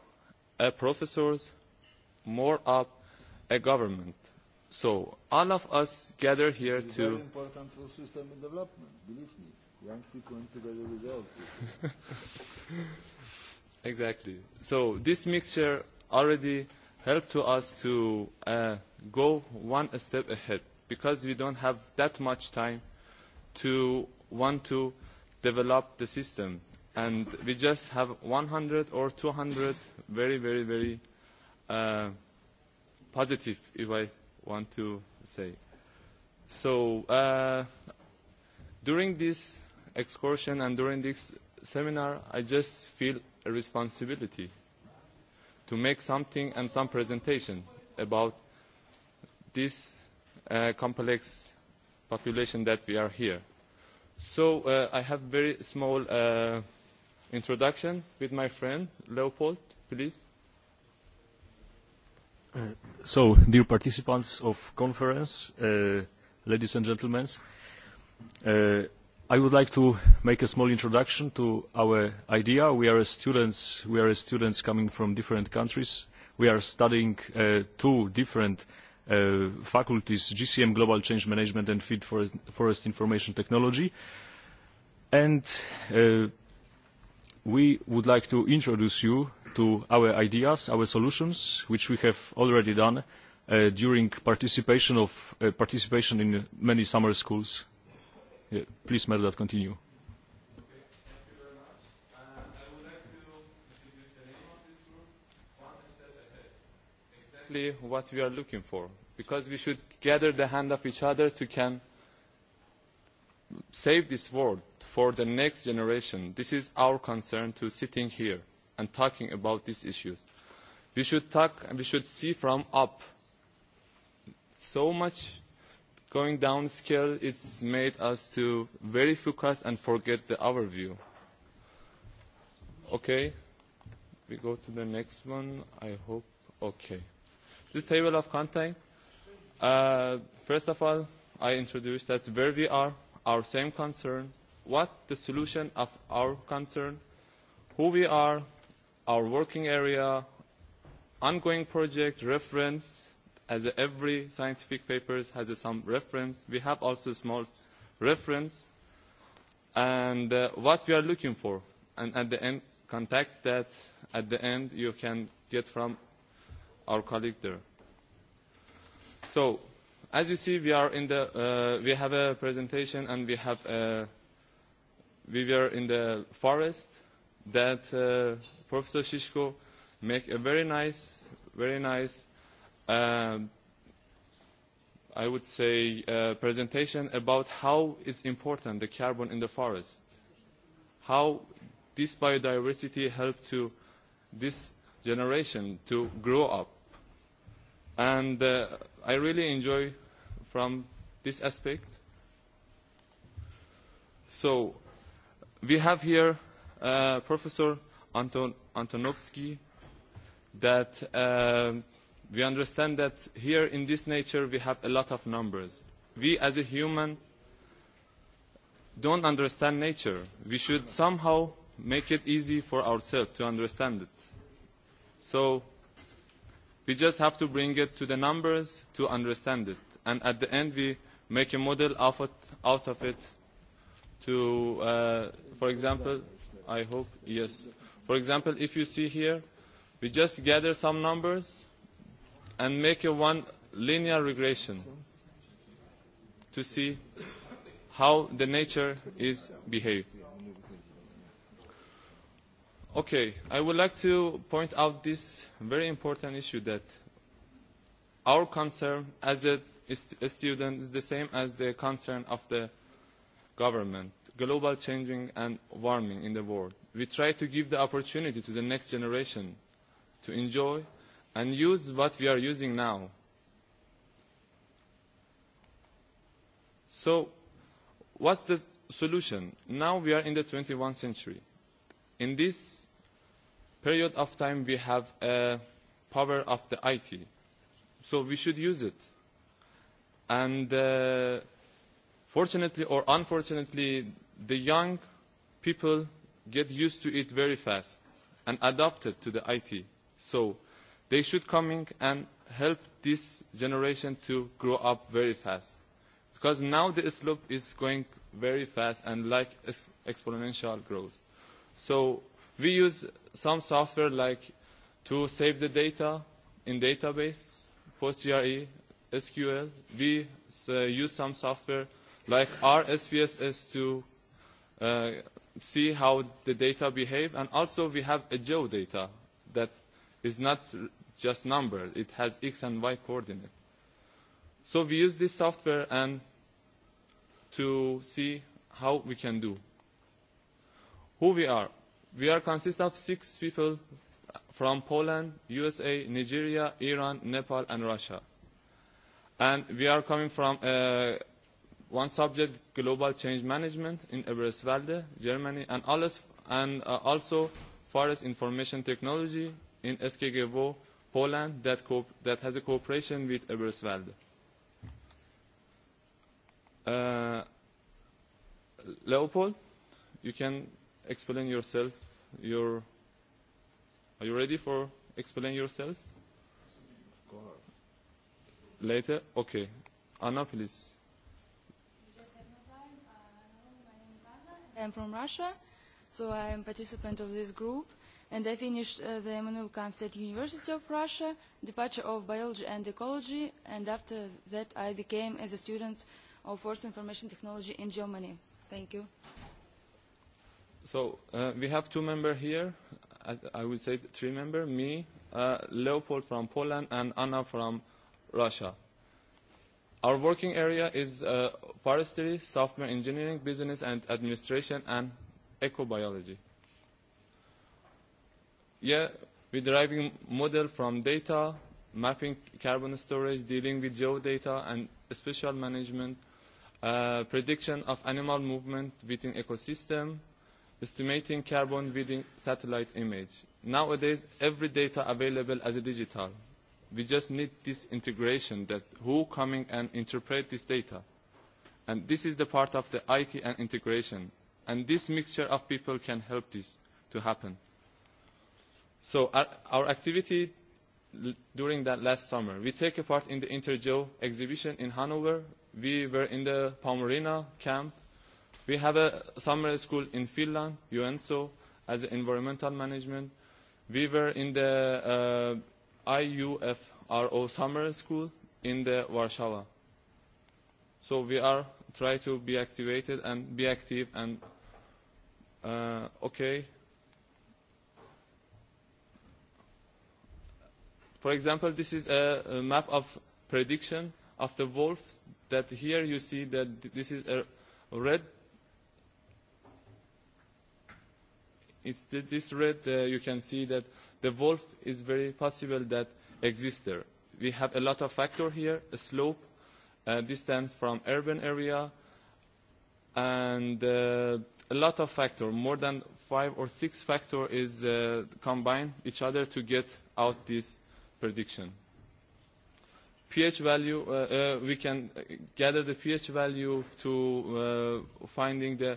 a professors, more up a government. So all of us gather here it's to... very important for system development, believe me. Young people and together with old people. exactly. So this mixture already helped to us to uh, go one step ahead because we don't have that much time to want to develop the system and we just have 100 or 200 very, very, very uh, positive, if I want to say. So uh, during this excursion and during this seminar, I just feel a responsibility to make something and some presentation about this uh, complex population that we are here. So uh, I have very small uh, introduction with my friend Leopold, please. Uh, so, dear participants of conference, uh, ladies and gentlemen, uh, I would like to make a small introduction to our idea. We are students, we are students coming from different countries. We are studying uh, two different uh, faculties, GCM Global Change Management and Feed Forest, Forest Information Technology. And uh, we would like to introduce you to our ideas, our solutions, which we have already done uh, during participation, of, uh, participation in many summer schools. Yeah, please, Medlat, continue. Exactly what we are looking for because we should gather the hand of each other to can save this world for the next generation. This is our concern to sitting here and talking about these issues. We should talk and we should see from up. So much going down scale, it's made us to very focus and forget the overview. Okay, we go to the next one, I hope. Okay. This table of content, uh, first of all, I introduced that where we are, our same concern, what the solution of our concern, who we are, our working area, ongoing project, reference, as every scientific paper has some reference. We have also small reference and uh, what we are looking for. And at the end, contact that at the end you can get from our colleague there. So As you see, we are in the, uh, we have a presentation and we have, uh, we were in the forest that uh, Professor Shishko make a very nice, very nice, uh, I would say, uh, presentation about how it's important the carbon in the forest, how this biodiversity helped to this generation to grow up. And uh, I really enjoy from this aspect? So we have here uh, Professor Anton Antonovsky that uh, we understand that here in this nature we have a lot of numbers. We as a human don't understand nature. We should somehow make it easy for ourselves to understand it. So we just have to bring it to the numbers to understand it and at the end we make a model of it, out of it to, uh, for example, I hope, yes. For example, if you see here, we just gather some numbers and make a one linear regression to see how the nature is behaved. Okay, I would like to point out this very important issue that our concern as a students the same as the concern of the government, global changing and warming in the world. We try to give the opportunity to the next generation to enjoy and use what we are using now. So what's the solution? Now we are in the 21st century. In this period of time, we have a power of the IT. So we should use it. And uh, fortunately or unfortunately, the young people get used to it very fast and adapted to the IT. So they should come in and help this generation to grow up very fast. Because now the slope is going very fast and like exponential growth. So we use some software like to save the data in database, post GRE. SQL. We uh, use some software like R SPSS to uh, see how the data behave. And also we have a geodata that is not just numbered, It has X and Y coordinate. So we use this software and to see how we can do. Who we are? We are consist of six people from Poland, USA, Nigeria, Iran, Nepal, and Russia. And we are coming from uh, one subject, global change management in Eberswalde, Germany, and, alles, and uh, also forest information technology in SKGVO, Poland, that, co that has a cooperation with Eberswalde. Uh, Leopold, you can explain yourself. Your, are you ready for explain yourself? later? Okay. Anna, please. I'm from Russia, so I am participant of this group, and I finished uh, the Emanuel Kant State University of Russia, departure of biology and ecology, and after that I became as a student of forced information technology in Germany. Thank you. So uh, we have two members here. I, I would say three members, me, uh, Leopold from Poland, and Anna from Russia. Our working area is uh, forestry, software engineering, business and administration, and ecobiology. Yeah, we're deriving model from data, mapping carbon storage, dealing with geodata and special management, uh, prediction of animal movement within ecosystem, estimating carbon within satellite image. Nowadays, every data available as a digital we just need this integration that who coming and interpret this data. And this is the part of the IT and integration. And this mixture of people can help this to happen. So our, our activity during that last summer, we take a part in the Intergeo exhibition in Hanover. We were in the Pomerina camp. We have a summer school in Finland, UNSO, as environmental management. We were in the uh, IUFRO summer school in the Warsaw. So we are try to be activated and be active and uh, okay. For example, this is a, a map of prediction of the wolves that here you see that this is a red it's th this red, uh, you can see that the wolf is very possible that exists there. We have a lot of factor here, a slope, uh, distance from urban area, and uh, a lot of factor, more than five or six factor is uh, combined each other to get out this prediction. pH value, uh, uh, we can gather the pH value to uh, finding the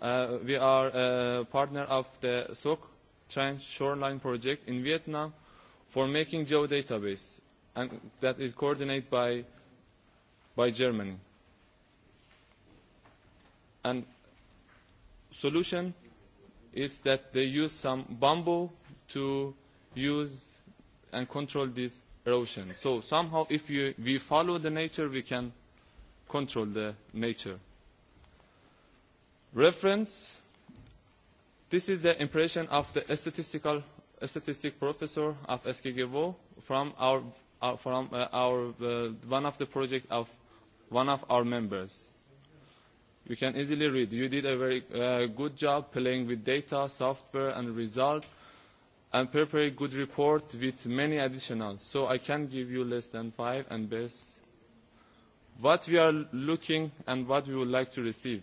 Uh, we are a uh, partner of the Sok Trans Shoreline Project in Vietnam for making geodatabase, and that is coordinated by, by Germany. And solution is that they use some bamboo to use and control this erosion. So somehow if you, we follow the nature, we can control the nature. Reference, this is the impression of the statistical statistic professor of SKGVO from our, our uh, from uh, our uh, one of the project of one of our members. You can easily read. You did a very uh, good job playing with data, software, and result, and prepared a good report with many additional. So I can give you less than five and best. What we are looking and what we would like to receive.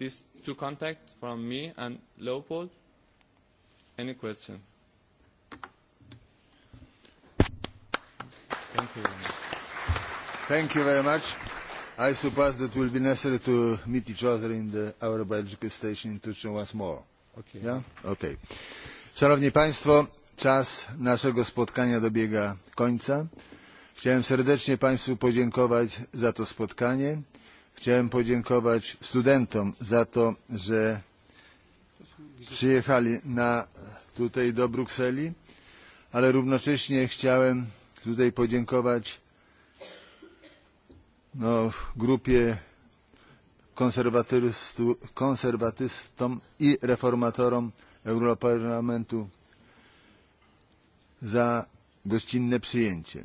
these two contacts from me and Leopold. Any question? Thank you very much. Thank you very much. I suppose that will be necessary to meet each other in the our aerobiological station in Tucson once more. Okay. Yeah? Okay. Szanowni Państwo, czas naszego spotkania dobiega końca. Chciałem serdecznie Państwu podziękować za to spotkanie. Chciałem podziękować studentom za to, że przyjechali na, tutaj do Brukseli, ale równocześnie chciałem tutaj podziękować no, grupie konserwatystom i reformatorom Europarlamentu za gościnne przyjęcie.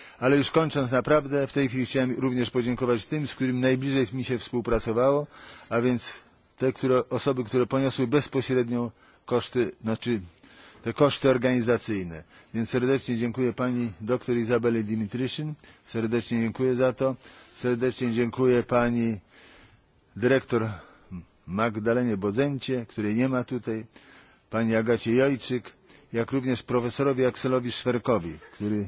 Ale już kończąc naprawdę, w tej chwili chciałem również podziękować tym, z którym najbliżej mi się współpracowało, a więc te które, osoby, które poniosły bezpośrednio koszty, znaczy te koszty organizacyjne. Więc serdecznie dziękuję pani dr Izabeli Dimitryszyn, serdecznie dziękuję za to, serdecznie dziękuję pani dyrektor Magdalenie Bodzencie, której nie ma tutaj, pani Agacie Jojczyk, jak również profesorowi Akselowi Szwerkowi, który